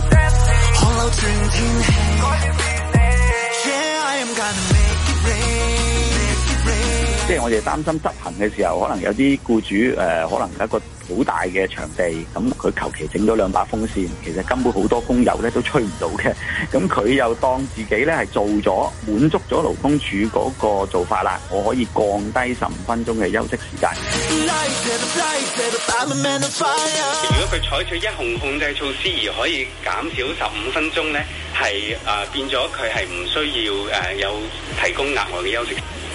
即係我哋擔心執行嘅時候，可能有啲僱主誒、呃，可能有一個好大嘅場地，咁佢求其整咗兩把風扇，其實根本好多工友咧都吹唔到嘅。咁佢又當自己咧係做咗滿足咗勞工處嗰個做法啦，我可以降低十五分鐘嘅休息時間。如果佢採取一項控制措施而可以減少十五分鐘咧，係啊、呃、變咗佢係唔需要誒有、呃、提供額外嘅休息。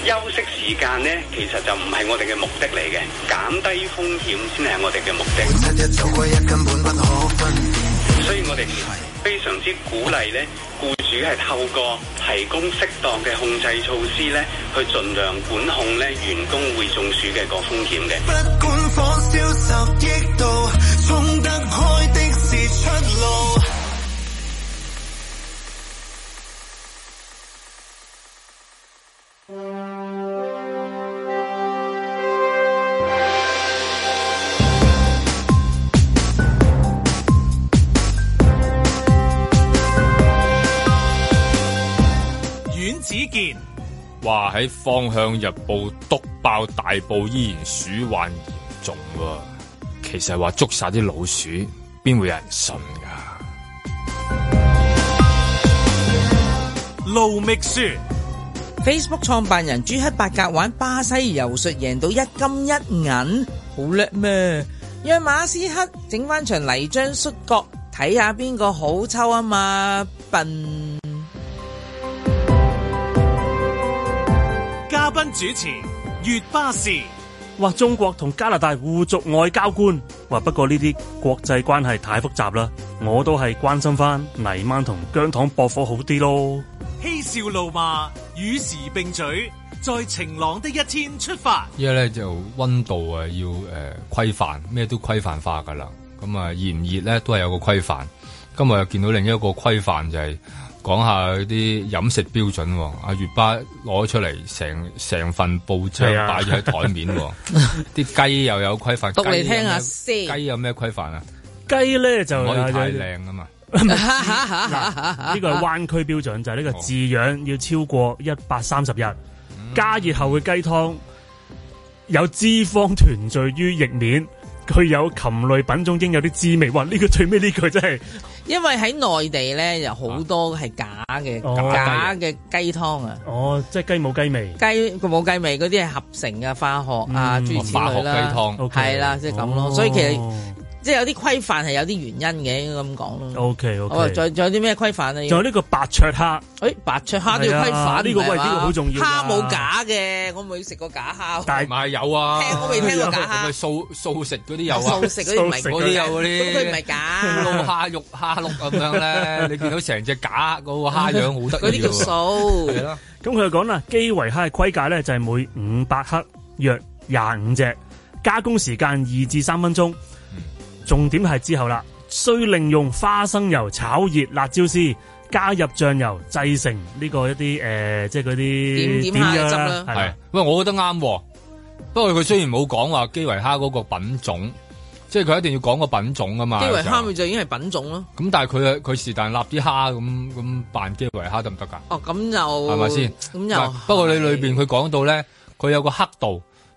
休息時間呢，其實就唔係我哋嘅目的嚟嘅，減低風險先係我哋嘅目的。所以我哋非常之鼓勵呢，僱主係透過提供適當嘅控制措施呢，去盡量管控呢員工會中暑嘅個風險嘅。不管火燒十億度話喺《方向日報》督爆大埔依然鼠患嚴重，其實話捉晒啲老鼠，邊會有人信㗎？路易斯，Facebook 創辦人朱克伯格玩巴西柔術贏到一金一銀，好叻咩？約馬斯克整翻場泥漿摔角，睇下邊個好抽啊嘛？嘛笨！嘉賓主持月巴氏，話！中國同加拿大互逐外交官，話！不過呢啲國際關係太複雜啦，我都係關心翻泥猛同姜糖搏火好啲咯。嬉笑怒罵與時並舉，在晴朗的一天出發。依家咧就温度啊要誒、呃、規範，咩都規範化噶啦。咁啊熱唔熱咧都係有個規範。今日又見到另一個規範就係、是。講下嗰啲飲食標準，阿、啊、月巴攞出嚟成成份報章擺咗喺台面，啲雞是、啊、 又有規範，你嚟聽下先。雞有咩規範啊？雞咧就太靚啊嘛！呢個係灣區標準就呢、是、個飼養要超過一百三十日，嗯、加熱後嘅雞湯有脂肪團聚於液面。佢有禽類品種應有啲滋味，哇！呢句最尾呢句真係，因為喺內地咧，有好多係假嘅、啊、假嘅雞湯啊！哦，即係雞冇雞味，雞佢冇雞味嗰啲係合成嘅，化學啊諸如、嗯、此類、啊、okay，啦，係、就是、啦，即係咁咯，所以其實。即係有啲規範係有啲原因嘅，咁講咯。O K O K，再再有啲咩規範啊？仲有呢個白灼蝦，誒，白灼蝦都要規範，呢個喂，呢個好重要。蝦冇假嘅，我冇食過假蝦。但係有啊，我未聽過假蝦。係素素食嗰啲有啊，素食嗰啲唔係嗰啲有嗰啲，都唔係假。蝦肉蝦碌咁樣咧，你見到成隻假個蝦樣好得意。嗰啲叫素，係咯。咁佢就講啦，基圍蝦嘅規格咧就係每五百克約廿五隻，加工時間二至三分鐘。重點係之後啦，需另用花生油炒熱辣椒絲，加入醬油製成呢、這個一啲誒、呃，即係嗰啲點點汁啦。係嗎，喂，我覺得啱、哦。不過佢雖然冇講話基圍蝦嗰個品種，即係佢一定要講個品種噶嘛。基圍蝦咪就已經係品種咯。咁但係佢佢是但立啲蝦咁咁扮基圍蝦得唔得噶？哦，咁又係咪先？咁又吧就不過你裏邊佢講到咧，佢是有個黑度。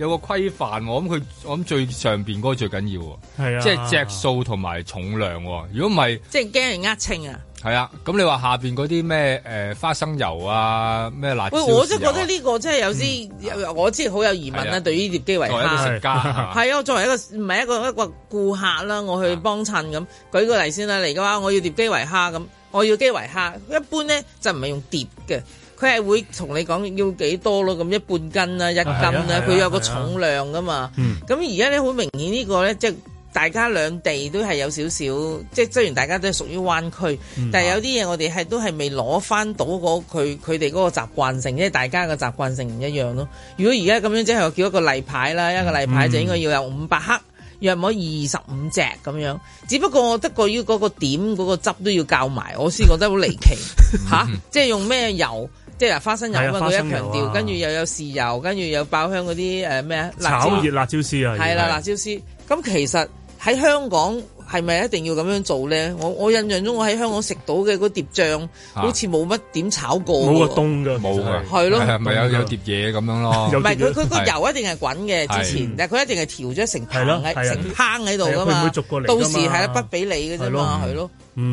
有個規範我諗佢，我諗最上邊嗰個最緊要喎，係啊，即係隻數同埋重量喎。如果唔係，即係驚人呃稱啊。係啊，咁你話下邊嗰啲咩誒花生油啊，咩奶，啊？我真覺得呢個真係有啲，嗯、我真係好有疑問啦，啊。啊、對於碟雞為蝦食家，係啊， 啊，作為一個唔係一個一個顧客啦，我去幫襯咁，舉個例先啦，嚟嘅話我要碟雞為蝦咁。我要幾圍克？一般咧就唔係用碟嘅，佢係會同你講要幾多咯，咁一半斤啦、一斤啦，佢有個重量噶嘛。咁而家咧好明顯個呢個咧，即係大家兩地都係有少少，即係雖然大家都係屬於灣區，的但係有啲嘢我哋係都係未攞翻到佢佢哋嗰個習慣性，即係大家嘅習慣性唔一樣咯。如果而家咁樣即係我叫一個例牌啦，一個例牌就應該要有五百克。的約摸二十五隻咁樣，只不過我得個要嗰個點嗰、嗰個汁都要教埋，我先覺得好離奇嚇、 啊，即係用咩油，即係花，花生油啊！佢一強調，跟住又有豉油，跟住又爆香嗰啲誒咩啊？呃、炒熱辣椒絲啊，係啦，辣椒絲。咁其實喺香港。係咪一定要咁樣做咧？我我印象中，我喺香港食到嘅嗰碟醬，好似冇乜點炒過。冇個冬㗎，冇㗎。係咯，係咪有有碟嘢咁樣咯？唔係佢佢個油一定係滾嘅之前，但佢一定係調咗成盆喺成坑喺度㗎嘛。到時係一筆俾你㗎啫嘛，係咯。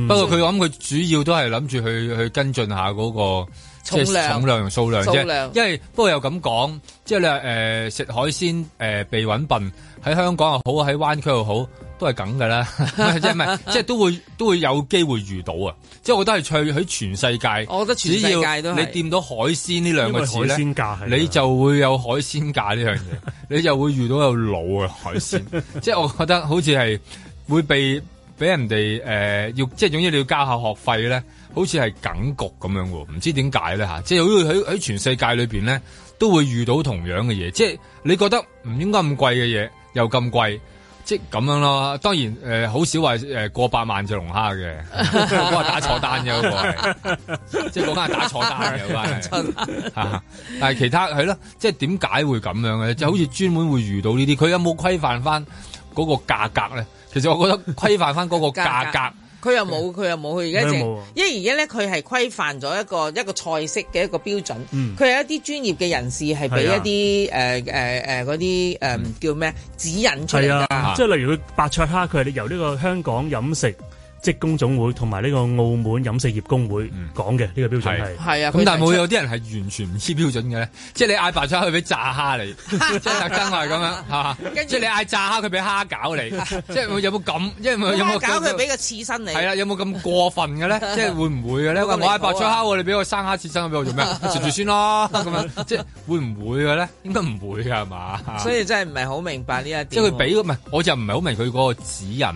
不過佢我諗佢主要都係諗住去去跟進下嗰個即係重量同數量啫。因為不過又咁講，即係你話誒食海鮮誒被揾笨喺香港又好喺灣區又好，都係咁噶啦，即係唔係，即係都會都會有機會遇到啊！即係我覺得係去喺全世界，我覺得全世界只要你掂到海鮮呢兩個字咧，你就會有海鮮價呢樣嘢， 你就會遇到有老嘅海鮮。即係 我覺得好似係會被俾人哋誒、呃、要即係總之你要交下學費咧，好似係梗局咁樣喎，唔知點解咧吓？即係好似喺喺全世界裏邊咧，都會遇到同樣嘅嘢。即係你覺得唔應該咁貴嘅嘢，又咁貴。即咁樣咯，當然誒好、呃、少話誒過百萬隻龍蝦嘅，嗰 個打錯單嘅嗰、嗰個， 即係嗰間打錯單嘅嗰間，真係。但係其他係咯，即係點解會咁樣嘅？就、嗯、好似專門會遇到呢啲，佢有冇規範翻嗰個價格咧？其實我覺得規範翻嗰個價格。 佢又冇，佢又冇去，而家淨，因為而家咧，佢係規範咗一個一個菜式嘅一個標準。佢係、嗯、一啲專業嘅人士係俾一啲誒誒誒嗰啲誒叫咩指引出嚟㗎。啊、樣即係例如佢白灼蝦，佢係你由呢個香港飲食。職工總會同埋呢個澳門飲食業工會講嘅呢個標準係啊，咁但係冇有啲人係完全唔似標準嘅咧，即係你嗌白灼蝦佢俾炸蝦嚟，即係特登係咁樣，跟住你嗌炸蝦佢俾蝦餃嚟，即係有冇咁？即係有冇？蝦餃佢俾個刺身嚟，係啦，有冇咁過分嘅咧？即係會唔會嘅咧？我嗌白灼蝦喎，你俾個生蝦刺身俾我做咩？食住先咯咁樣，即係會唔會嘅咧？應該唔會嘅係嘛？所以真係唔係好明白呢一點。即係佢俾唔係，我就唔係好明佢嗰個指引。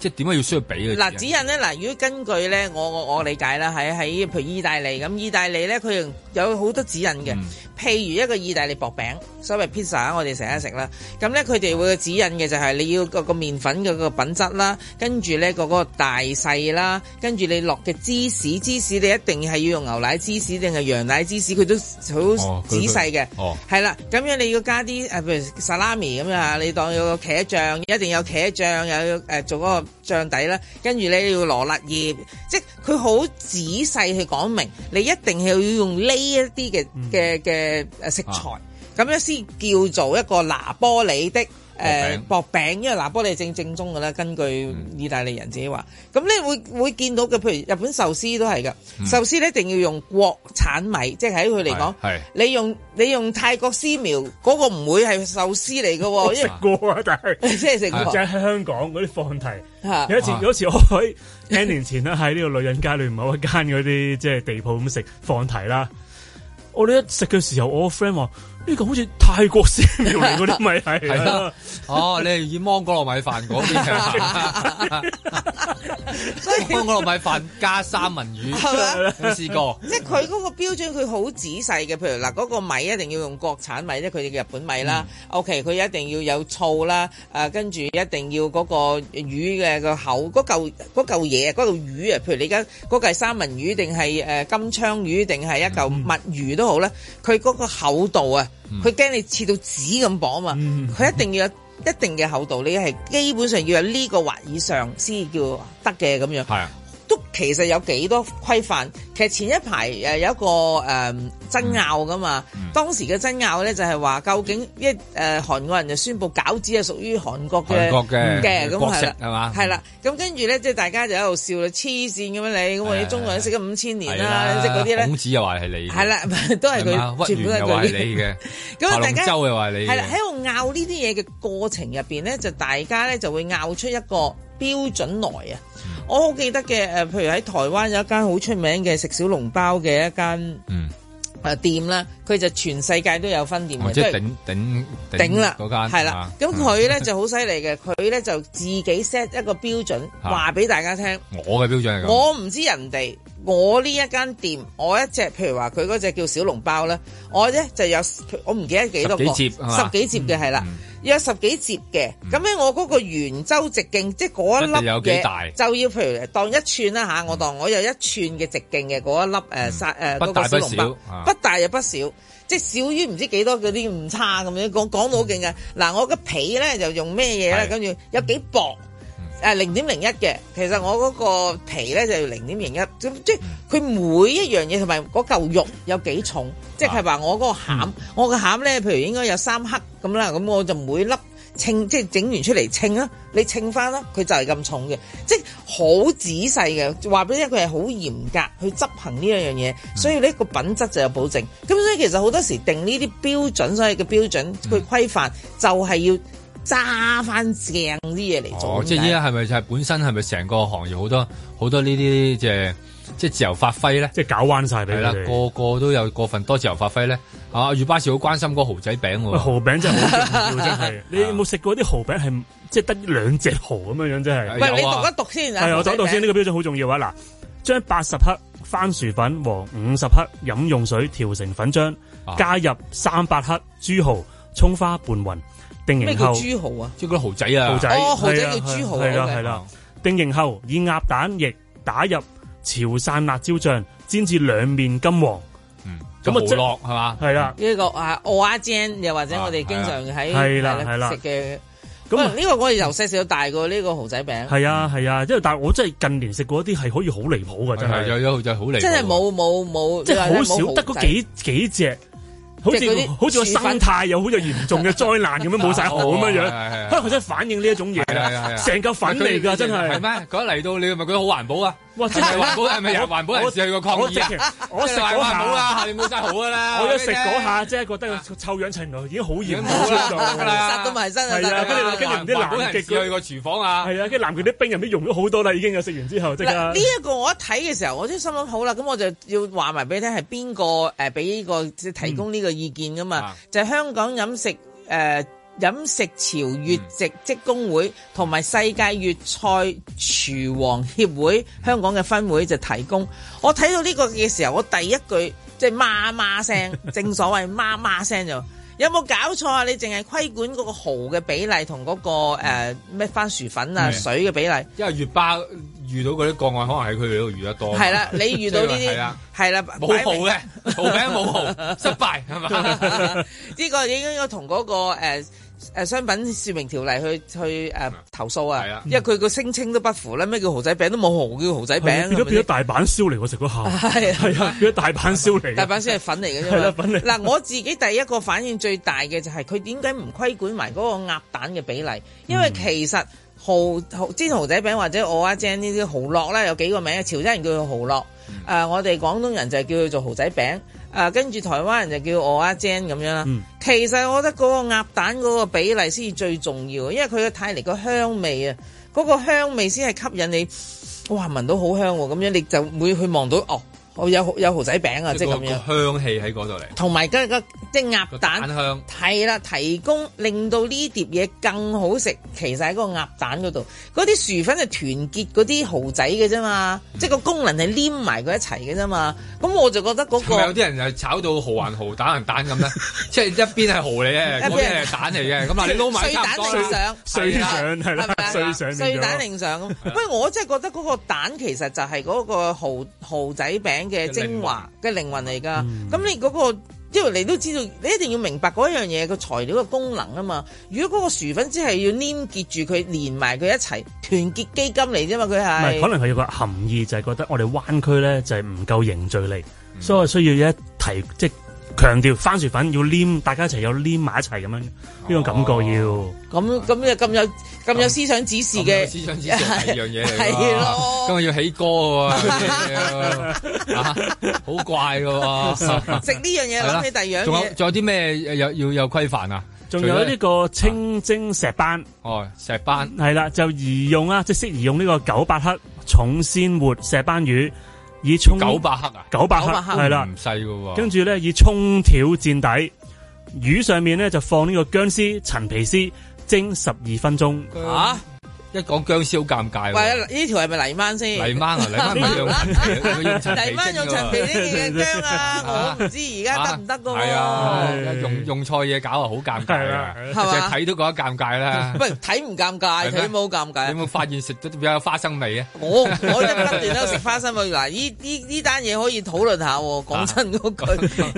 即係點解要需要比嗱指引咧？嗱如果根據咧，我我我理解啦，喺喺譬如意大利咁，意大利咧佢有好多指引嘅。嗯、譬如一個意大利薄餅，所謂 pizza，我哋成日食啦。咁咧佢哋會指引嘅就係你要個個麵粉嘅個品質啦，跟住咧個個大細啦，跟住你落嘅芝士，芝士你一定係要用牛奶芝士定係羊奶芝士，佢都好仔細嘅。哦，係啦，咁的、哦、樣你要加啲誒，譬如 salami 咁樣啊，你當有個茄醬，一定要有茄醬，有誒、呃、做嗰、嗰個。醬底啦，跟住你要羅勒葉，即係佢好仔細去講明，你一定係要用呢一啲嘅嘅嘅誒食材，咁樣先叫做一個拿波里的。誒薄餅，因為拿坡里正正宗嘅啦。根據意大利人自己話，咁你會會見到嘅，譬如日本壽司都係㗎，壽司一定要用國產米，即係喺佢嚟講，你用你用泰國絲苗嗰個唔會係壽司嚟㗎喎，食過啊，但係即係食過只喺香港嗰啲放題，有一次有一次我喺幾年前咧喺呢個女人街裏面某一間嗰啲即係地鋪咁食放題啦，我哋一食嘅時候，我個 friend 話。呢個好似泰國寺廟嚟嗰啲米係，係咯，哦，你係以芒果糯米飯嗰邊啊？芒果糯米飯加三文魚，有冇試過？即係佢嗰個標準，佢好仔細嘅。譬如嗱，嗰個米一定要用國產米，即係佢哋嘅日本米啦。OK，佢一定要有醋啦。誒，跟住一定要嗰個魚嘅個口嗰嚿嗰嚿嘢，嗰嚿魚啊。譬如你而家嗰嚿係三文魚定係誒金槍魚定係一嚿墨魚都好咧。佢嗰個厚度啊！佢驚、嗯、你切到紙咁薄啊嘛，佢、嗯、一定要有一定嘅厚度，你係基本上要有呢個劃以上先至叫得嘅咁樣。係啊。其實有幾多規範？其實前一排誒有一個誒爭拗噶嘛，當時嘅爭拗咧就係話究竟一誒韓國人就宣佈餃子係屬於韓國嘅嘅咁係啦，係嘛？係啦，咁跟住咧即係大家就喺度笑啦，黐線咁樣，你咁我哋中國人食咗五千年啦，即係嗰啲咧。孔子又話係你，係啦，都係佢，全部都係佢啲嘅。咁啊，大家周又話你係啦，喺度拗呢啲嘢嘅過程入邊咧，就大家咧就會拗出一個。標準來啊！嗯、我好記得嘅誒、呃，譬如喺台灣有一間好出名嘅食小籠包嘅一間誒、嗯啊、店啦，佢就全世界都有分店嘅，即係、嗯、是頂頂頂啦嗰了間，係啦的。咁佢咧就好犀利嘅，佢咧就自己 set 一個標準，話俾、啊、大家聽。我嘅標準係咁，我唔知人哋。我呢一間店，我一隻，譬如話佢嗰隻叫小籠包咧，我咧就有，我唔記得幾多個，十幾摺嘅係啦，有十幾摺嘅，咁咧我嗰個圓周直徑，即係嗰一粒嘢有幾大就要譬如當一寸啦嚇，我當我有一寸嘅直徑嘅嗰一粒誒殺誒嗰個小籠包，不大又不少，即係少於唔知幾多嗰啲誤差咁樣，講講到好勁嘅。嗱我個皮咧就用咩嘢咧，跟住有幾薄。誒零點零一嘅，其實我嗰個皮咧就要零點零一，咁即佢每一樣嘢同埋嗰嚿肉有幾重，啊、即係話我嗰個餡，嗯、我個餡咧，譬如應該有三克咁啦，咁我就每粒稱，即係整完出嚟稱啊，你稱翻啦，佢就係咁重嘅，即係好仔細嘅，話俾你聽，佢係好嚴格去執行呢一樣嘢，嗯、所以呢個品質就有保證。咁所以其實好多時定呢啲標準，所以嘅標準佢規範就係要。嗯揸翻正啲嘢嚟做，即係依家係咪就係本身係咪成個行業好多好多呢啲即係即係自由發揮咧？即係搞彎晒俾你哋，個個都有過分多自由發揮咧。啊，阿余巴士好關心嗰蠔仔餅喎，蠔餅真係好重要，真係。你有冇食過啲蠔餅係即係得兩隻蠔咁樣樣？真係。喂，你讀一讀先啊！係我走一讀先，呢個標準好重要啊！嗱，將八十克番薯粉和五十克飲用水調成粉漿，加入三百克豬蠔、蔥花拌勻。咩叫豬毫啊？即係個蠔仔啊！蠔仔哦，蠔仔叫豬毫嘅。定型後以鴨蛋液打入潮汕辣椒醬，煎至兩面金黃。咁啊，蠔落係嘛？係啦，呢個啊，蚵仔煎又或者我哋經常喺係啦係啦食嘅。咁呢個我哋由細食到大過呢個蠔仔餅。係啊係啊，因為但係我真係近年食過一啲係可以好離譜嘅，真係有有蠔仔好離。真係冇冇冇，即係好少，得嗰幾幾隻。好似好似個生態又好似嚴重嘅災難咁樣，冇晒、 啊、好咁、啊、樣，佢想、啊啊、反映呢一種嘢，成嚿粉嚟㗎，真係。係咩？佢一嚟到你係咪覺得好環保啊？哇！食環保係咪啊？環保人士係抗議我食環保啊，下邊冇曬好噶，啊、啦！我一食嗰下，即係覺得個臭氧層已經好熱啦！殺到埋身係，跟住跟住啲男人去個廚房啊！係啊，跟住南極啲冰人邊融咗好多啦，已經有食完之後，即係呢一個我一睇嘅時候，我真係心諗好啦，咁我就要話埋俾你聽，係邊個，誒俾呢個提供呢個意見噶嘛？嗯啊，就係香港飲食誒。呃飲食潮粵籍職工會同埋世界粵菜廚王協會、嗯、香港嘅分會就提供。我睇到呢個嘅時候，我第一句即係媽媽聲，正所謂媽媽聲就，有冇搞錯啊？你淨係規管嗰個蠔嘅比例同嗰、嗰個咩、呃、番薯粉啊、嗯、水嘅比例。因為粵巴遇到嗰啲個案，可能喺佢哋度遇得多。係啦，你遇到呢啲係啦，冇蠔嘅，冇名冇蠔，失敗係嘛？呢個應該同嗰個誒，商品說明條例去去誒投訴啊！係啊，因為佢個聲稱都不符啦，咩叫蠔仔餅都冇蠔叫蠔仔餅。如果、啊、變咗大阪燒嚟我食嗰下，係係啊，啊變咗大阪燒嚟。大阪燒係粉嚟嘅啫，粉嚟。嗱、啊，我自己第一個反應最大嘅就係佢點解唔規管埋嗰個鴨蛋嘅比例？因為其實蠔煎、蠔仔餅或者我阿 j n 呢啲蠔烙咧有幾個名，潮州人叫佢蠔烙，誒、嗯啊、我哋廣東人就係叫佢做蠔仔餅。啊跟住，台灣人就叫我阿 Jane 咁樣啦。嗯、其實我覺得個鴨蛋個比例先至最重要，因為佢嘅帶嚟個香味啊，個香味先係吸引你，哇聞到好香喎，哦，咁樣你就會去望到哦。有有蚝仔餅啊，即係咁樣，個香氣喺嗰度嚟，同埋個個即係鴨蛋，蛋香係啦，提供令到呢碟嘢更好食，其實喺嗰個鴨蛋嗰度，嗰啲薯粉就團結嗰啲蠔仔嘅啫嘛，即係個功能係黏埋佢一齊嘅啫嘛，咁我就覺得嗰個，有啲人就炒到蠔還蠔，蛋還蛋咁咧？即係一邊係蠔嚟嘅，一邊係蛋嚟嘅，咁啊你撈埋鴨蛋嚟上，碎上係啦，碎上碎蛋嚟上，喂，我真係覺得嗰個蛋其實就係嗰個蠔仔餅嘅精華嘅靈魂嚟噶，咁、嗯、你嗰、嗰個，因為你都知道，你一定要明白嗰一樣嘢個材料嘅功能啊嘛。如果嗰個薯粉只係要黏結住佢，連埋佢一齊團結基金嚟啫嘛，佢係。可能係有個含義，就係覺得我哋灣區咧，就係唔夠凝聚力，嗯、所以我需要一提即。強調番薯粉要黏，大家一齊有黏埋一齊咁樣，呢種感覺要。咁咁又咁有咁有思想指示嘅。思想指示係、嗯、一樣嘢嚟。係咯。今日要起歌喎。好怪嘅喎。食呢樣嘢，諗起第二樣嘢。仲有仲有啲咩有要有規範啊？仲 有呢、啊、個清蒸石斑。哦、啊，石斑。係啦、嗯，就用、就是、宜用啊，即係適宜用呢個九百克重鮮活石斑魚。以蔥九百克啊，九百克係啦，唔細噶跟住咧，以蔥條墊底，魚上面咧就放呢個薑絲、陳皮絲，蒸十二分鐘。啊！一講薑絲好尷尬。喂，呢條係咪泥鰻先？泥鰻啊！泥鰻用泥鰻用陳皮絲嘅薑啊！我唔知而家得唔得噶喎？用用錯嘢搞啊，好尷尬啊！係嘛？睇都覺得尷尬啦。喂，睇唔尷尬，睇冇尷尬。你有冇發現食咗比較花生味啊？我我一不斷都食花生喎。嗱，呢呢呢單嘢可以討論下。講真嗰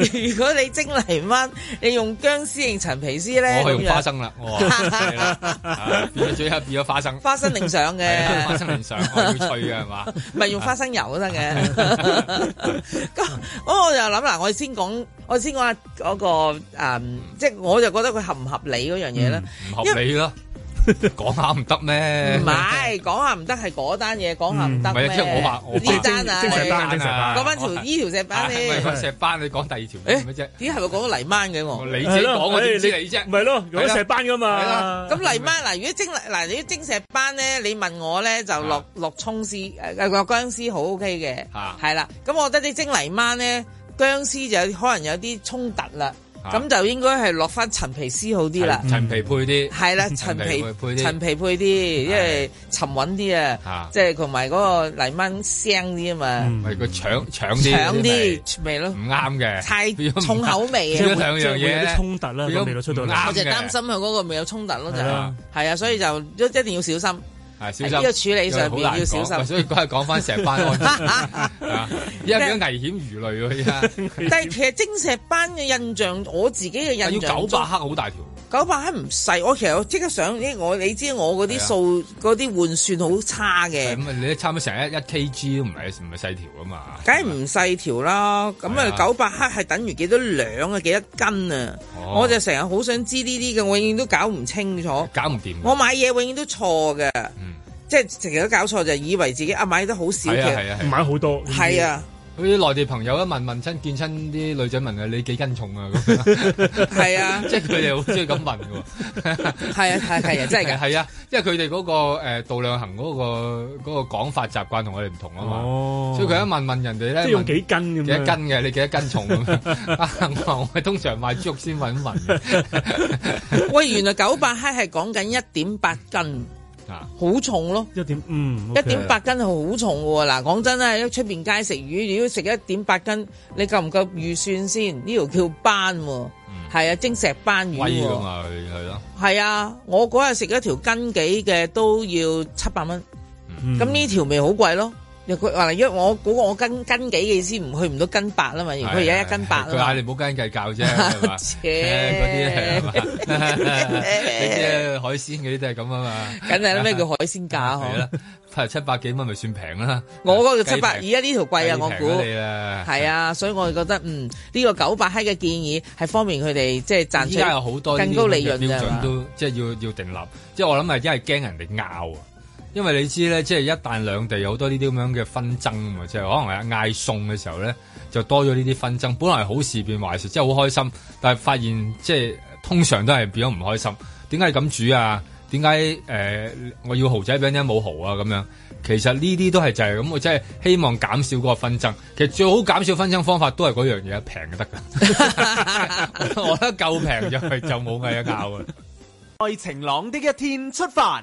句，如果你蒸泥鰻，你用薑絲定陳皮絲咧，我係用花生啦。最後變咗花生。花生淋上嘅，花生淋上好脆嘅係嘛？唔係 用花生油都得嘅。咁，我我又諗嗱，我哋先講、嗰個，我哋先講下嗰個誒，即係我就覺得佢合唔合理嗰樣嘢咧，唔、嗯、合理啦。為 講下唔得咩？唔係，講下唔得係嗰單嘢，講下唔得咩？即係我話，我蒸石斑啊，蒸石斑啊，講翻條呢條石斑先。石斑你講第二條，誒咩啫？點係咪講泥鯭嘅我？你先講我點知嚟啫？唔係咯，講石斑噶嘛。咁泥鯭嗱，如果蒸嗱你蒸石斑咧，你問我咧就落落蔥絲誒個薑絲好 ok 嘅吓，係啦。咁我覺得啲蒸泥鯭咧，薑絲就可能有啲衝突啦。咁就應該係落翻陳皮絲好啲啦，陳皮配啲。係啦，陳皮陳皮配啲，因為沉穩啲啊，即係同埋嗰個泥蚊腥啲啊嘛。唔係個腸腸啲啲，味咯。唔啱嘅，太重口味。咁兩樣嘢咧，衝突啦，嗰味道出到嚟。我就擔心佢嗰個味有衝突咯，就係。係啊，所以就一一定要小心。呢、啊、個處理上邊要小心，所以講係講翻石斑案。依家 變咗危險魚類喎，依家。但係其實精石斑嘅印象，我自己嘅印象要九百克條，好大條。九百克唔細，我其實我即刻想，我你知我嗰啲數嗰啲換算好差嘅。咁啊，你差唔多成日一 K G 都唔係唔係細條啊嘛。梗係唔細條啦，咁啊九百克係等於幾多兩啊？幾多斤啊？哦、我就成日好想知呢啲嘅，我永遠都搞唔清楚，搞唔掂。我買嘢永遠都錯嘅，嗯、即係成日都搞錯，就係、以為自己啊買得好少嘅，其實買好多。係啊。嗰啲內地朋友一問問親見親啲女仔問啊，你幾斤重啊？咁樣係啊，即係佢哋好中意咁問嘅喎。係啊係啊係啊，即係嘅。啊，啊，因為佢哋嗰個誒度量衡嗰、嗰個嗰講、嗰個、法習慣同我哋唔同啊嘛。哦、所以佢一問問人哋咧，即、啊、用幾斤咁樣？幾斤嘅你幾多斤重咁啊？ 我通常買豬肉先揾揾。喂 原來九百克係講緊一點八斤。好重咯，一點嗯，一點八斤係好重喎。嗱，講真啊，一出邊街食魚，如果食一點八斤，你夠唔夠預算先？呢條叫斑喎，係、嗯、啊，蒸石斑魚，貴係係係啊，我嗰日食一條斤幾嘅都要七百蚊，咁呢條咪好貴咯。佢話，因為我估個我跟斤幾嘅意思，唔去唔到斤八啊嘛。而佢而家一斤八啊。佢嗌、啊啊啊啊、你唔好斤計較啫。切，嗰啲麼，你知啊，海鮮嗰啲都係咁啊嘛。梗係啦，咩叫海鮮價？係啦、啊， 七百幾蚊咪算平啦。 我嗰個七百，而家呢條貴啊，我估。係 啊，所以我覺得嗯，呢、呢個九百克嘅建議係方便佢哋即係賺出更高利潤嘅。標準都即係 要要，要定立，即、就、係、是、我諗係因為驚人哋拗啊。因為你知咧，即係一旦兩地有好多呢啲咁樣嘅紛爭啊，即係可能係嗌餸嘅時候咧，就多咗呢啲紛爭。本來好事變壞事，即係好開心，但係發現即係、就是、通常都係變咗唔開心。點解咁煮啊？點解誒我要蠔仔畀咧冇蠔啊？咁樣其實呢啲都係就係、是、咁，我真係希望減少嗰個紛爭。其實最好減少紛爭方法都係嗰樣嘢，平就得㗎。我覺得夠平就係就冇嗌拗啊！在晴朗的一天出發。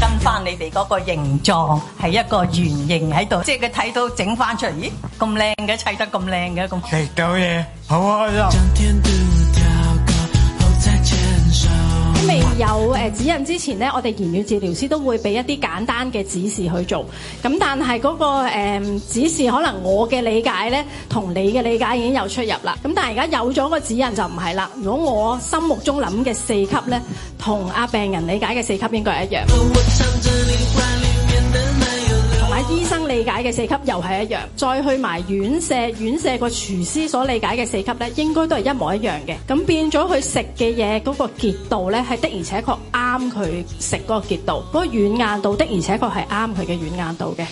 跟翻你哋嗰個形狀係一個圓形喺度，即係佢睇到整翻出嚟，咦，咁靚嘅砌得咁靚嘅，咁食到嘢，好開心！未有誒指引之前咧，我哋言語治療師都會俾一啲簡單嘅指示去做。咁但係、那、嗰個、呃、指示，可能我嘅理解咧，同你嘅理解已經有出入啦。咁但係而家有咗個指引就唔係啦。如果我心目中諗嘅四級呢，同阿病人理解嘅四級應該係一樣。醫生理解嘅四級又係一樣，再去埋院舍，院舍個廚師所理解嘅四級咧，應該都係一模一樣嘅。咁變咗佢食嘅嘢嗰個結度咧，係的而且確啱佢食嗰個結度，嗰個軟硬度的而且確係啱佢嘅軟硬度嘅。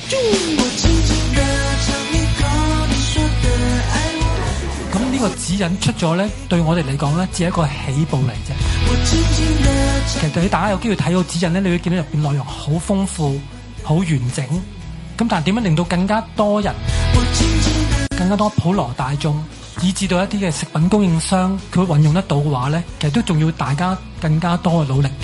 咁呢個指引出咗咧，對我哋嚟講咧，只係一個起步嚟啫。我其實對大家有機會睇到指引咧，你會見到入邊內容好豐富、好完整。咁但係點樣令到更加多人、更加多普羅大眾，以至到一啲嘅食品供應商佢運用得到嘅話呢，其實都仲要大家更加多嘅努力。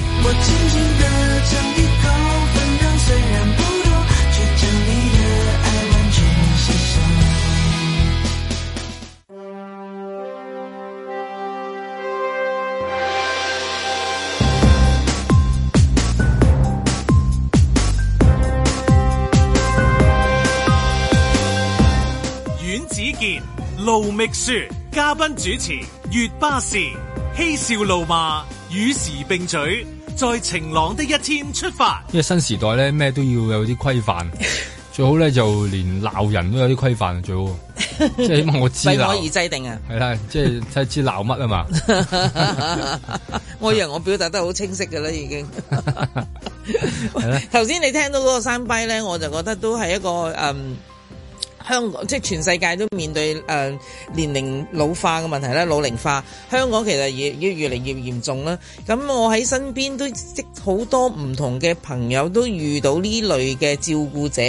子健、盧覓雪，嘉賓主持月巴士，嬉笑怒罵與時並舉，在晴朗的一天出發。因為新時代咧，咩都要有啲規範，最好咧 就連鬧人都有啲規範，最好即係起望我知啦。 可以制定 啊？係、就、啦、是，即係睇知鬧乜啊嘛？我以為我表達得好清晰噶啦，已經。頭 先、 啊、 你聽到嗰個山逼咧，我就覺得都係一個嗯。香港即係全世界都面對誒、呃、年齡老化嘅問題啦，老齡化香港其實越越嚟越嚴重啦。咁我喺身邊都識好多唔同嘅朋友都遇到呢類嘅照顧者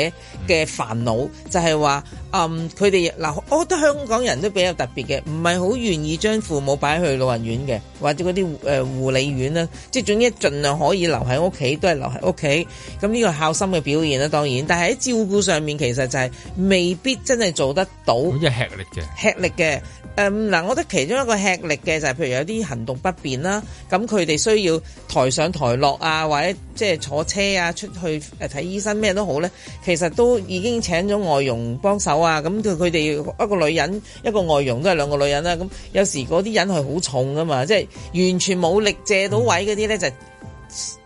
嘅煩惱，就係、是、話。誒，佢哋嗱，我覺得香港人都比較特別嘅，唔係好願意將父母擺去老人院嘅，或者啲誒護理院啦，即係總之盡量可以留喺屋企，都係留喺屋企。咁呢個孝心嘅表現啦，當然，但係喺照顧上面，其實就係未必真係做得到，即係吃力嘅，吃力嘅。誒、嗯、嗱、嗯，我覺得其中一個吃力嘅就係、是、譬如有啲行動不便啦，咁佢哋需要抬上抬落啊，或者即係坐車啊，出去誒睇醫生咩都好咧，其實都已經請咗外傭幫手。哇！咁佢哋一個女人一個外傭都係兩個女人啦。咁有時嗰啲人係好重噶嘛，即係完全冇力借到位嗰啲呢，就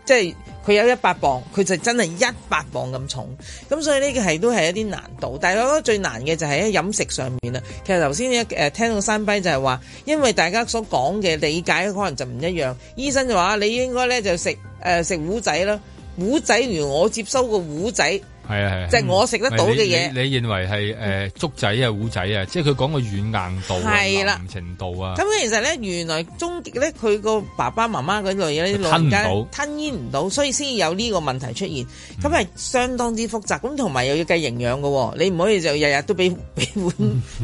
即係佢有一百磅，佢就真係一百磅咁重。咁所以呢個係都係一啲難度。但係我覺得最難嘅就係喺飲食上面啦。其實頭先咧誒聽到山輝就係話，因為大家所講嘅理解可能就唔一樣。醫生就話你應該呢就食誒食糊仔啦，糊仔如我接收個糊仔。係啊係，即係 我食得到嘅嘢。 你認為係誒粥仔啊、糊仔啊，即係佢講個軟硬度係、啊、啦的程度啊。咁其實咧，原來終極咧，佢個爸爸媽媽嗰類咧老人家吞嚥唔到，所以先有呢個問題出現。咁係相當之複雜。咁同埋又要計營養嘅喎、哦，你唔可以就日日都俾俾碗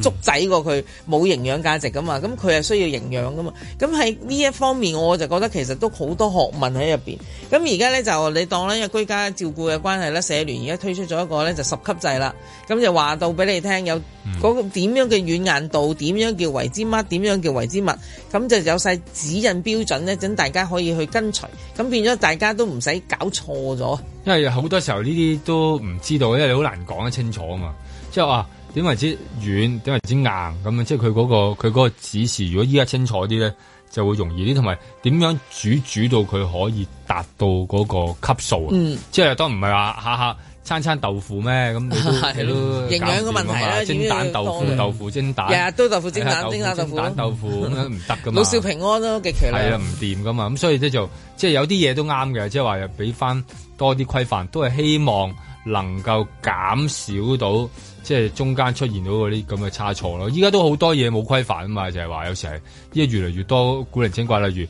粥仔過佢，冇營養價值噶嘛。咁佢係需要營養噶嘛。咁喺呢一方面，我就覺得其實都好多學問喺入邊。咁而家咧就你當咧，因居家照顧嘅關係咧，社聯而家推。出咗一個咧就十級制啦，咁就話到俾你聽有嗰個點樣嘅軟硬度，點樣叫為之乜，點樣叫為之物，咁就有晒指引標準咧，等大家可以去跟隨，咁變咗大家都唔使搞錯咗。因為好多時候呢啲都唔知道，因為你好難講得清楚啊嘛。即係話點為之軟，點為之硬咁啊，即係佢嗰個佢個指示，如果依家清楚啲咧，就會容易啲。同埋點樣煮煮到佢可以達到嗰個級數，嗯，即係當唔係話下下餐餐豆腐咩咁？係咯，營養嘅問題，蒸蛋豆腐、豆腐蒸蛋，日都豆腐蒸蛋、蒸豆腐、蛋豆腐咁樣唔得噶嘛。老少平安咯，極其。係啊，唔掂噶嘛。咁所以咧就即係有啲嘢都啱嘅，即係話又俾翻多啲規範，都係希望能夠減少到即係中間出現到嗰啲咁嘅差錯咯。依家都好多嘢冇規範啊嘛，就係話有時係依家越嚟越多古靈精怪，例如。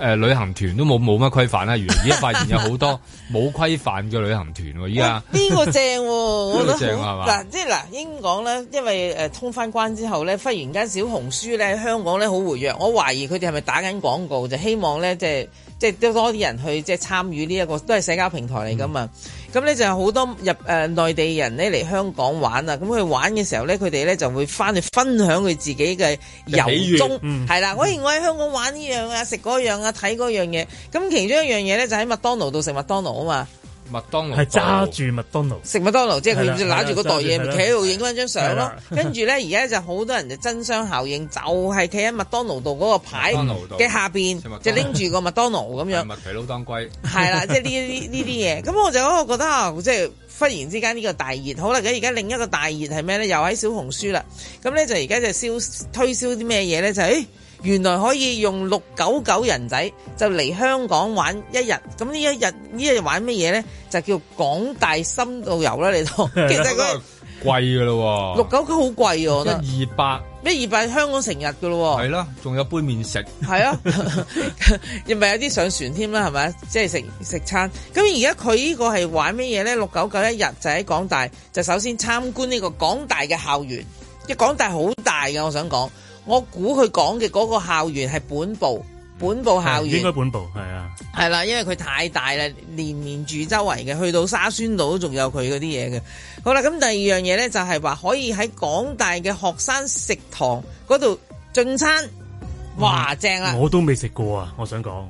誒、呃、旅行團都冇冇乜規範啦，原來而家發現有好多冇 規範嘅旅行團喎，依家邊個正喎、哦？邊 個正係嘛？嗱，即係嗱，應講咧，因為誒、呃、通返關之後咧，忽然間小紅書咧，香港咧好活躍，我懷疑佢哋係咪打緊廣告，就希望咧即係。即係都多啲人去即係參與呢、這、一個，都係社交平台嚟㗎嘛。咁咧、嗯、就係好多入誒、呃、內地人咧嚟香港玩啊。咁佢玩嘅時候咧，佢哋咧就會返去分享佢自己嘅遊蹤，係、嗯、啦。以我認為喺香港玩呢樣啊，食嗰樣啊，睇嗰樣嘢。咁其中一樣嘢咧就喺、是、麥當勞度食麥當勞啊嘛。麥當勞係揸住麥當勞食麥當勞，即係佢攬住嗰袋嘢，企喺度影翻張相咯。跟住咧，而家就好多人就真相效應，就係企喺麥當勞度嗰個牌嘅下邊，就拎住個麥當勞咁樣。麥皮佬當歸係啦，即係呢呢呢啲嘢。咁 我就嗰個覺得啊，即係忽然之間呢個大熱好啦。而家另一個大熱係咩咧？又喺小紅書啦。咁咧就而家就銷推銷啲咩嘢咧？就誒。哎原來可以用六九九人仔就嚟香港玩一日，咁呢一日呢一日玩乜嘢咧？就叫港大深度遊啦，你都其實佢貴噶咯，六九九好貴喎，我覺得，二百咩二百香港成日噶咯，係咯，仲有杯麵食，係 咯是、啊， 又咪有啲上船添啦，係咪？即係食食餐。咁而家佢呢個係玩乜嘢咧？六九九一日就喺港大，就首先參觀呢個港大嘅校園。即係港大好大嘅，我想講。我估佢講嘅嗰個校園係本部，本部校園應該本部係啊，係啦，因為佢太大啦，連連住周圍嘅，去到沙宣道都仲有佢嗰啲嘢嘅。好啦，咁第二樣嘢咧就係話可以喺廣大嘅學生食堂嗰度進餐，哇，嗯、正啊了！我都未食過啊，我想講，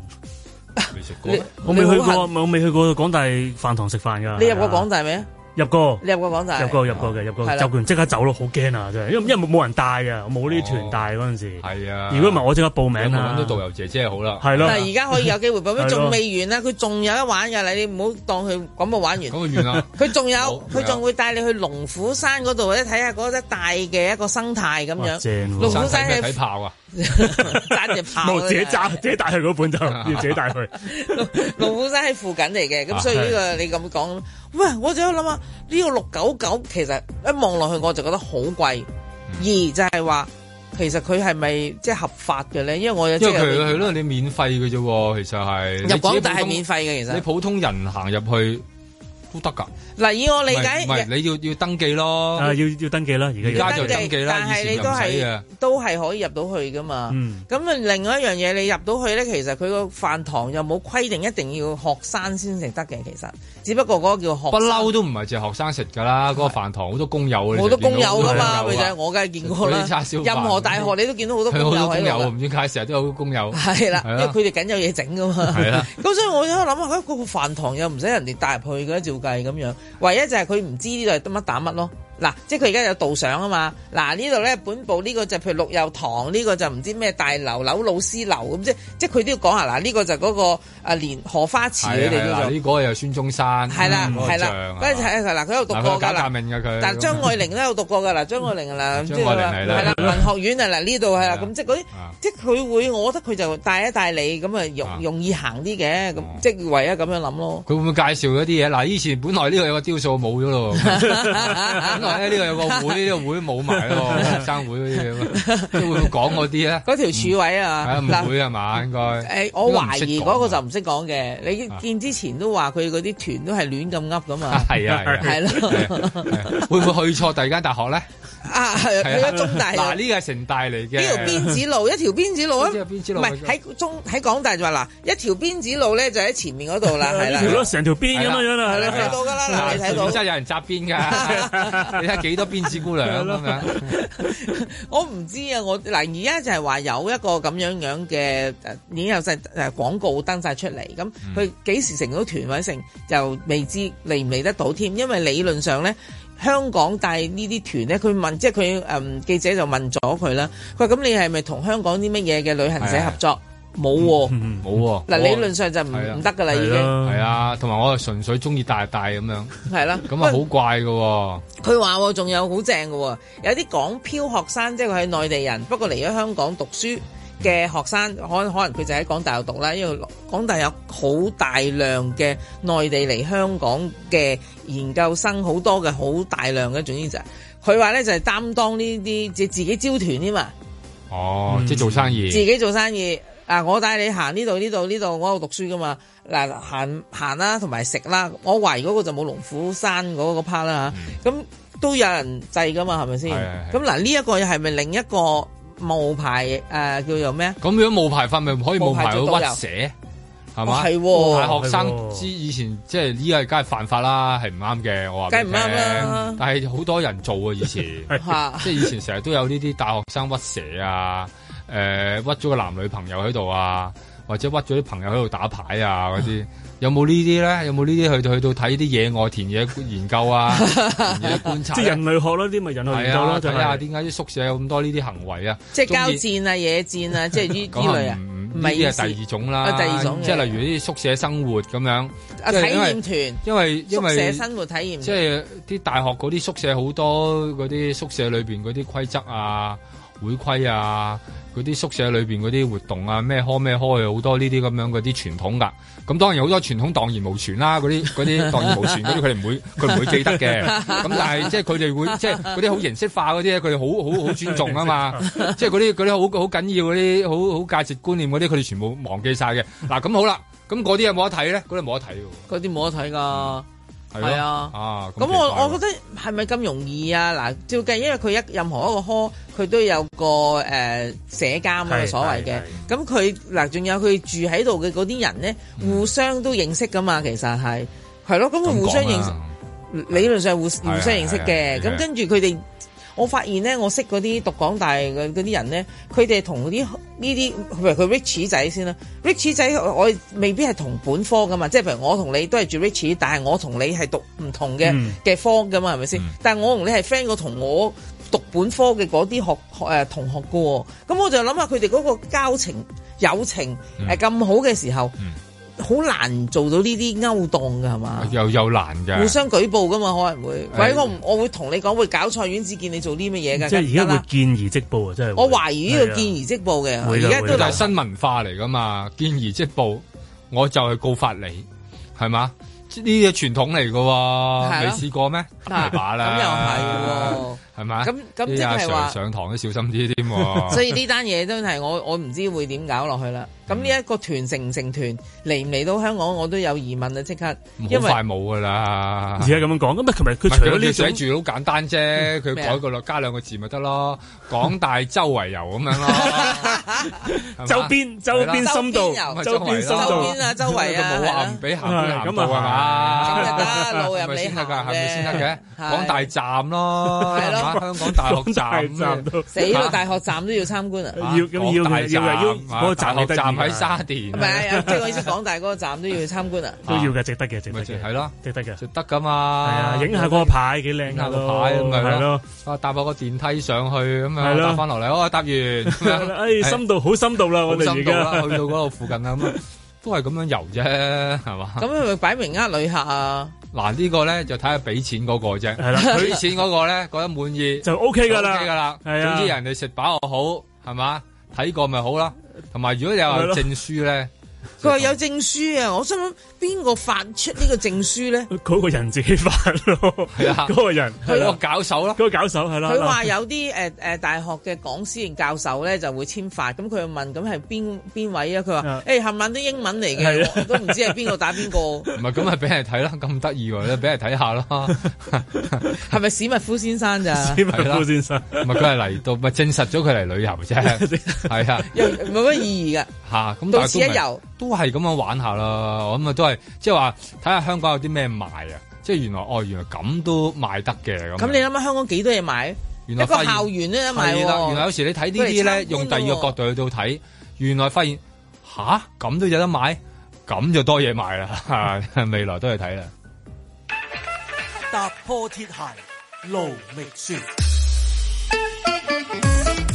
未食過， 你我未去,去過，我未去過廣大飯堂食飯噶。你入過廣大未？入過，你入過房入過入過嘅，入過入完，即刻走咯，好驚啊！真係，因為因為冇人帶啊，冇呢啲團帶嗰陣時。係啊，如果唔係我即刻報名啦。搵到導遊姐姐，好啦，係咯。但係而家可以有機會報名，仲未完啦，佢仲有得玩嘅。例你唔好當佢咁玩，完完佢仲有，佢仲會帶你去龍虎山嗰度咧，睇下嗰啲大嘅一個生態咁樣。正，龍虎山睇炮啊！揸住炮，自己揸，自己帶去嗰本就要自己帶去。龍虎山喺附近嚟嘅，咁所以呢個你咁講。喂，我就喺度諗啊，呢、這個六九九其實一望落去我就覺得好貴，二、嗯、就係話其實佢係咪即係合法嘅咧？因為我有因為佢係咯，你免費嘅啫喎，其實係入廣大係免費嘅，其實你普通人行入去，都得噶，嗱以我理解，唔係你要要登記咯，要要登記啦，而家就登記啦，以前又唔使嘅，都係可以入到去噶嘛。咁啊，另外一樣嘢，你入到去咧，其實佢個飯堂又冇規定一定要學生先食得嘅，其實只不過嗰個叫學不嬲都唔係淨係學生食噶啦，嗰個飯堂好多工友，好多工友噶嘛，咪就我梗係見過啦。任何大學你都見到好多工友，唔知點解成日都有工友。係啦，因為佢哋緊有嘢整噶嘛。係啦，咁所以我喺度諗啊，嗰個飯堂又唔使人哋帶入去嘅，就計咁樣，唯一就係佢唔知呢度係得乜打乜咯。嗱，即係佢而家有導賞啊嘛，嗱呢度咧，本部呢個就譬如陸佑堂，呢個就唔知咩大樓樓老師樓咁即即佢都要講下嗱，呢個就嗰個啊蓮荷花池你哋呢個又孫中山係啦係啦，嗰啲睇下佢嗱佢有讀過㗎啦，革命㗎佢，但係張愛玲都有讀過㗎啦，張愛玲㗎啦，係文學院啊嗱呢度係啦，咁即係嗰啲即係佢會，我覺得佢就帶一帶你咁啊容容易行啲嘅，即係唯一咁樣諗咯。佢會唔會介紹一啲嘢嗱？以前本來呢度有個雕塑冇咗咯。呢個有個會，呢個會冇埋咯，學生會嗰啲咁，會唔講嗰啲咧？嗰條處位啊，唔會啊嘛，應該。誒，我懷疑嗰個就唔識講嘅。你見之前都話佢嗰啲團都係亂咁噏噶嘛？係啊，係咯。會唔會去錯第二間大學咧？啊，去咗中大嗱，呢個係城大嚟嘅。呢條辮子路，一條辮子路啊，唔係喺中喺港大就話嗱，一條辮子路咧就喺前面嗰度啦，係啦，成條辮咁樣樣啦，係啦，睇到噶啦，你睇到真係有人紮辮噶，你睇幾多辮子姑娘咁樣。我唔知啊，我嗱而家就係話有一個咁樣樣嘅已經有晒誒廣告登晒出嚟，咁佢幾時成到團委成就未知嚟唔嚟得到添，因為理論上咧。香港帶呢啲團咧，佢問，即係佢誒記者就問咗佢啦。佢話：咁你係咪同香港啲乜嘢嘅旅行社合作？冇喎的，冇喎、啊。嗱、啊、理論上就唔唔得㗎啦，已經的。係啊，同埋我係純粹中意帶帶咁樣。係啦的，咁啊好怪嘅。佢話： 仲有好正嘅，有啲港漂學生，即係佢係內地人，不過嚟咗香港讀書。嘅學生可可能佢就喺港大度讀啦，因為港大有好大量嘅內地嚟香港嘅研究生，好多嘅，好大量嘅，總之嘅就係佢話咧就係擔當呢啲即自己招團嘅嘛。哦，嗯、即係做生意，自己做生意啊！我帶你行呢度呢度呢度，我喺度讀書噶嘛。嗱，行行啦，同埋食啦。我懷疑嗰個就冇龍虎山嗰個 part 啦嚇。咁、嗯、都有人制噶嘛，係咪先？咁嗱，呢一個係咪另一個？冒牌誒、呃，叫做咩啊？咁樣冒牌法咪可以冒牌屈蛇，係嘛？係，冒牌學生之、哦、以前即係呢個，梗係犯法啦，係唔啱嘅。我話梗唔啱啦，啊、但係好多人做啊， 以前， 即係以前成日都有呢啲大學生屈蛇啊，誒、呃，屈咗個男女朋友喺度啊，或者屈咗啲朋友喺度打牌啊嗰啲。 有冇呢啲咧？有冇呢啲去到去到睇啲野外田野研究啊？即係觀察。即係人類學咯，啲咪人類學咯？就係。睇下點解啲宿舍有咁多呢啲行為啊？即係交戰啊、野戰啊，即係呢呢類啊。唔唔，呢啲係第二種啦。第二種，即係例如啲宿舍生活咁樣。啊！體驗團。因為因為宿舍生活體驗。即係啲大學嗰啲宿舍好多嗰啲宿舍裏邊嗰啲規則啊。會規啊，嗰啲宿舍裏邊嗰啲活動啊，咩開咩開，好多呢啲咁樣嗰啲傳統噶。咁當然好多傳統蕩然無存啦，嗰啲嗰啲蕩然無存，嗰啲佢哋唔會佢唔會記得嘅。咁但係即係佢哋會即係嗰啲好形式化嗰啲，佢哋好好好尊重啊嘛。即係嗰啲嗰啲好好緊要嗰啲好好價值觀念嗰啲，佢哋全部忘記晒嘅嗱。咁、 啊、好啦，咁嗰啲有冇得睇咧？嗰啲冇得睇嘅，嗰啲冇得睇噶。嗯係啊，啊，咁我我覺得係咪咁容易啊？嗱，照計，因為佢一任何一個科，佢都有個誒、呃、社交咁所謂嘅。咁佢嗱，仲有佢住喺度嘅嗰啲人咧，互相都認識噶嘛。其實係係咯，咁佢互相認識，理論上互互相認識嘅。咁跟住佢哋。我發現咧，我識嗰啲讀港大嘅嗰啲人咧，佢哋同啲呢啲，譬如佢 Richie 仔先啦，Richie 仔我未必係同本科㗎嘛，即係譬如我同你都係住 Richie，但係我你同你係讀唔同嘅嘅科㗎嘛，係咪先？嗯、但係我同你係 friend，我同我讀本科嘅嗰啲學學、呃、同學㗎喎、喔，咁我就諗下佢哋嗰個交情友情誒咁、呃嗯、好嘅時候。嗯嗯好難做到呢啲勾當噶係嘛？又又難噶，互相舉報噶嘛，可能會。或者、哎、我我會同你講會搞菜院子，見你做啲乜嘢噶。即係而家會見而即報行行啊！真係。我懷疑呢個見而即報嘅，而家、啊啊啊、都係新文化嚟噶嘛？見而即報，我就係告發你，係嘛？呢嘢傳統嚟噶，你試、啊、過咩？大把啦，咁 又係。係咪咁咁即係話上堂都小心啲添。所以呢單嘢真係我我唔知會點搞落去啦。咁呢一個團成唔成團嚟唔嚟到香港，我都有疑問啊！即刻，因為快冇噶啦。而家咁樣講咁啊，佢咪佢除咗呢種住好簡單啫，佢改個咯，加兩個字咪得咯，港大周圍遊咁樣咯，周邊周邊深度周邊深度啊，周圍啊，冇話唔俾行南道係嘛？路入嚟先得噶，係咪先得嘅？港大站咯，係咯。香港大學站死啦！大學站都要參觀啊！要咁要大學站，嗰個站係站喺沙田，唔係啊，即係我意思，港大嗰個站都要參觀啊！都要嘅，值得嘅，值得嘅，係咯，值得嘅，值得噶嘛？係啊，影下嗰個牌幾靚下個牌咯，係咯，啊搭個個電梯上去咁啊，搭翻落嚟哦，搭完，哎深度好深度啦，我哋去到嗰度附近啊，咁都係咁樣遊啫，係嘛？咁係咪擺明呃旅客啊？嗱、呢個咧就睇下俾錢嗰個啫，係啦，俾錢嗰個咧覺得滿意 就 O K 噶啦，O K 噶啦，OK、 總之人哋食飽又好，係嘛？睇過咪好啦，同埋如果你有證書咧。 佢話有證書啊！我想諗邊個發出呢個證書咧？嗰個人自己發咯，係啊，嗰個人，嗰個搞手咯，嗰個搞手係咯。佢話有啲誒誒大學嘅講師型教授咧就會簽發。咁佢問咁係邊邊位啊？佢話誒冚唪唥都英文嚟嘅，都唔知係邊個打邊個。唔係咁，咪俾人睇啦，咁得意喎，俾人睇下咯。係咪史密夫先生就，史密夫先生，唔係佢係嚟到，咪證實咗佢嚟旅遊啫。係啊，又冇乜意義噶吓。咁到此一遊都係咁樣玩下啦，我諗啊都係即係話睇下香港有啲咩賣啊！即係原來哦，原來咁都賣得嘅咁。咁你諗下香港幾多嘢賣？原來一個校園都有賣。係啦了，原來有時你睇呢啲咧，用第二個角度去到睇，原來發現吓咁都有得買，咁就多嘢賣啦。 未來都去睇啦。踏 破鐵鞋無覓處。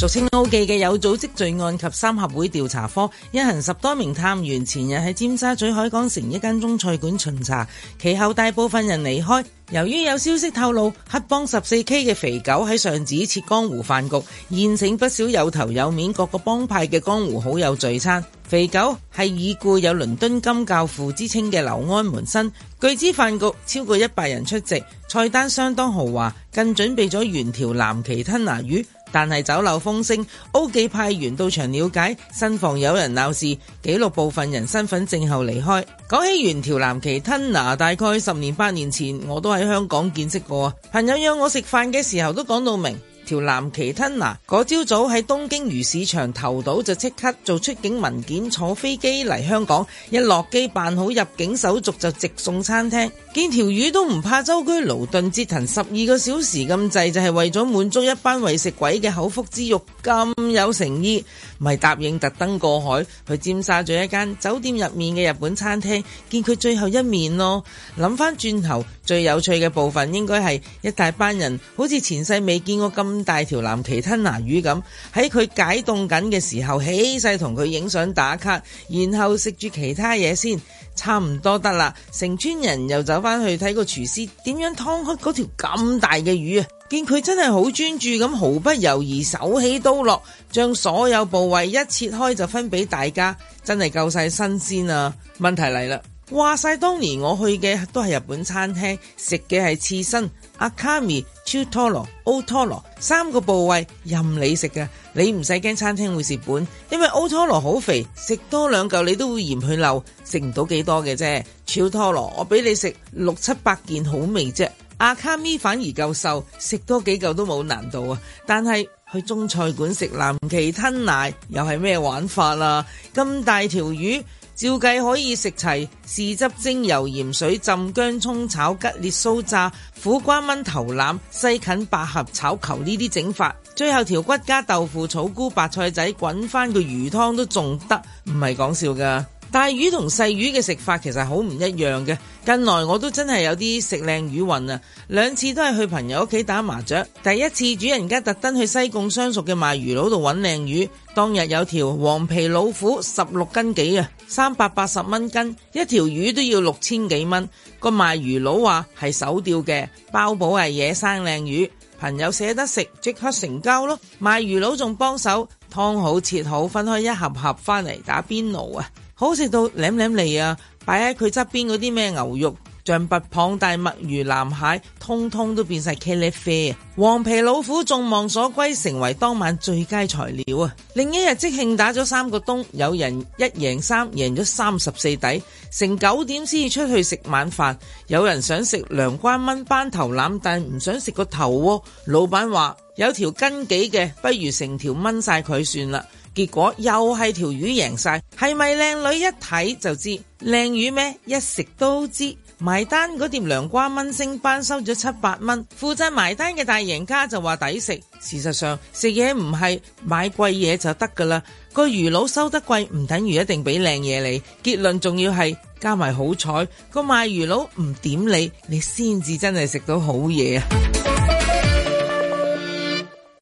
青澳記嘅有組織罪案及三合會調查科一行十多名探員前日喺尖沙咀海港城一間中菜館巡查，其後大部分人離開。由於有消息透露，黑幫十四 K 嘅肥狗喺上址設江湖飯局，宴請不少有頭有面各個幫派嘅江湖好友聚餐。肥狗係已故有倫敦金教父之稱嘅劉安門生，據知飯局超過一百人出席，菜單相當豪華，更準備咗原條藍鰭吞拿魚。但係酒樓風聲，O 記派員到場了解，新房有人鬧事，記錄部分人身份證後離開。講起原條藍鰭吞拿，大概十年八年前我都喺香港見識過，朋友約我食飯嘅時候都講到明。條藍鰭吞拿嗰朝、那個、早喺東京魚市場投到，就即刻做出境文件，坐飛機嚟香港，一落機辦好入境手續就直送餐廳，見條魚都唔怕舟車勞頓折騰十二個小時咁滯，就係、是、為咗滿足一班為食鬼嘅口腹之慾，咁有誠意，咪答應特登過海去尖沙咀一間酒店入面嘅日本餐廳見佢最後一面咯。諗翻轉頭。最有趣嘅部分應該係一大班人，好似前世未見過咁大條藍鰭吞拿魚咁，喺佢解凍緊嘅時候，起勢同佢影相打卡，然後食住其他嘢先，差唔多得啦。成村人又走返去睇個廚師點樣劏開嗰條咁大嘅魚啊！見佢真係好專注咁，毫不猶豫，手起刀落，將所有部位一切開就分俾大家，真係夠晒新鮮啊！問題嚟啦～話晒當年我去嘅都係日本餐廳，食嘅係刺身、阿卡咪、超拖羅、歐拖羅三個部位任你食噶你唔使驚餐廳會蝕本，因為歐拖羅好肥，食多兩嚿你都會嫌佢漏，食唔到幾多嘅啫。超拖羅我俾你食六七百件好味啫，阿卡咪反而夠瘦，食多幾嚿都冇難度啊。但係去中菜館食藍鰭吞拿又係咩玩法啊？咁大條魚。照計可以食齊豉汁蒸、油鹽水浸、薑葱、葱炒、吉列酥炸、苦瓜炆頭腩、西芹百合炒球呢啲整法，最後條骨加豆腐、草菇、白菜仔滾翻個魚湯都仲得，唔係講笑噶。大魚同細魚嘅食法其實好唔一樣嘅。近來我都真係有啲食靚魚運啊，兩次都係去朋友屋企打麻雀。第一次主人家特登去西貢相熟嘅賣魚佬度揾靚魚，當日有條黃皮老虎十六斤幾啊，三百八十蚊斤一條魚都要六千幾蚊。個賣魚佬話係手釣嘅，包保係野生靚魚。朋友捨得食即刻成交咯，賣魚佬仲幫手劏好切好，分開一盒盒返嚟打邊爐啊！好食到舐舐脷啊！擺喺佢側邊嗰啲咩牛肉、象拔蚌、大墨魚、藍蟹，通通都變晒茄喱啡。黃皮老虎眾望所歸，成為當晚最佳材料啊！另一日即興打咗三個冬，有人一贏三，贏咗三十四底，成九點先至出去食晚飯。有人想食涼瓜炆斑頭腩，但唔想食個頭喎。老闆話：有條筋幾嘅，不如成條炆晒佢算啦。結果又係條魚贏晒，係咪靚女一睇就知靚魚咩？一食都知埋單嗰碟涼瓜炆星斑收咗七百蚊，負責埋單嘅大贏家就話抵食。事實上食嘢唔係買貴嘢就得噶啦，個魚佬收得貴唔等於一定俾靚嘢你。結論仲要係加埋好彩，個賣魚佬唔點你，你先至真係食到好嘢。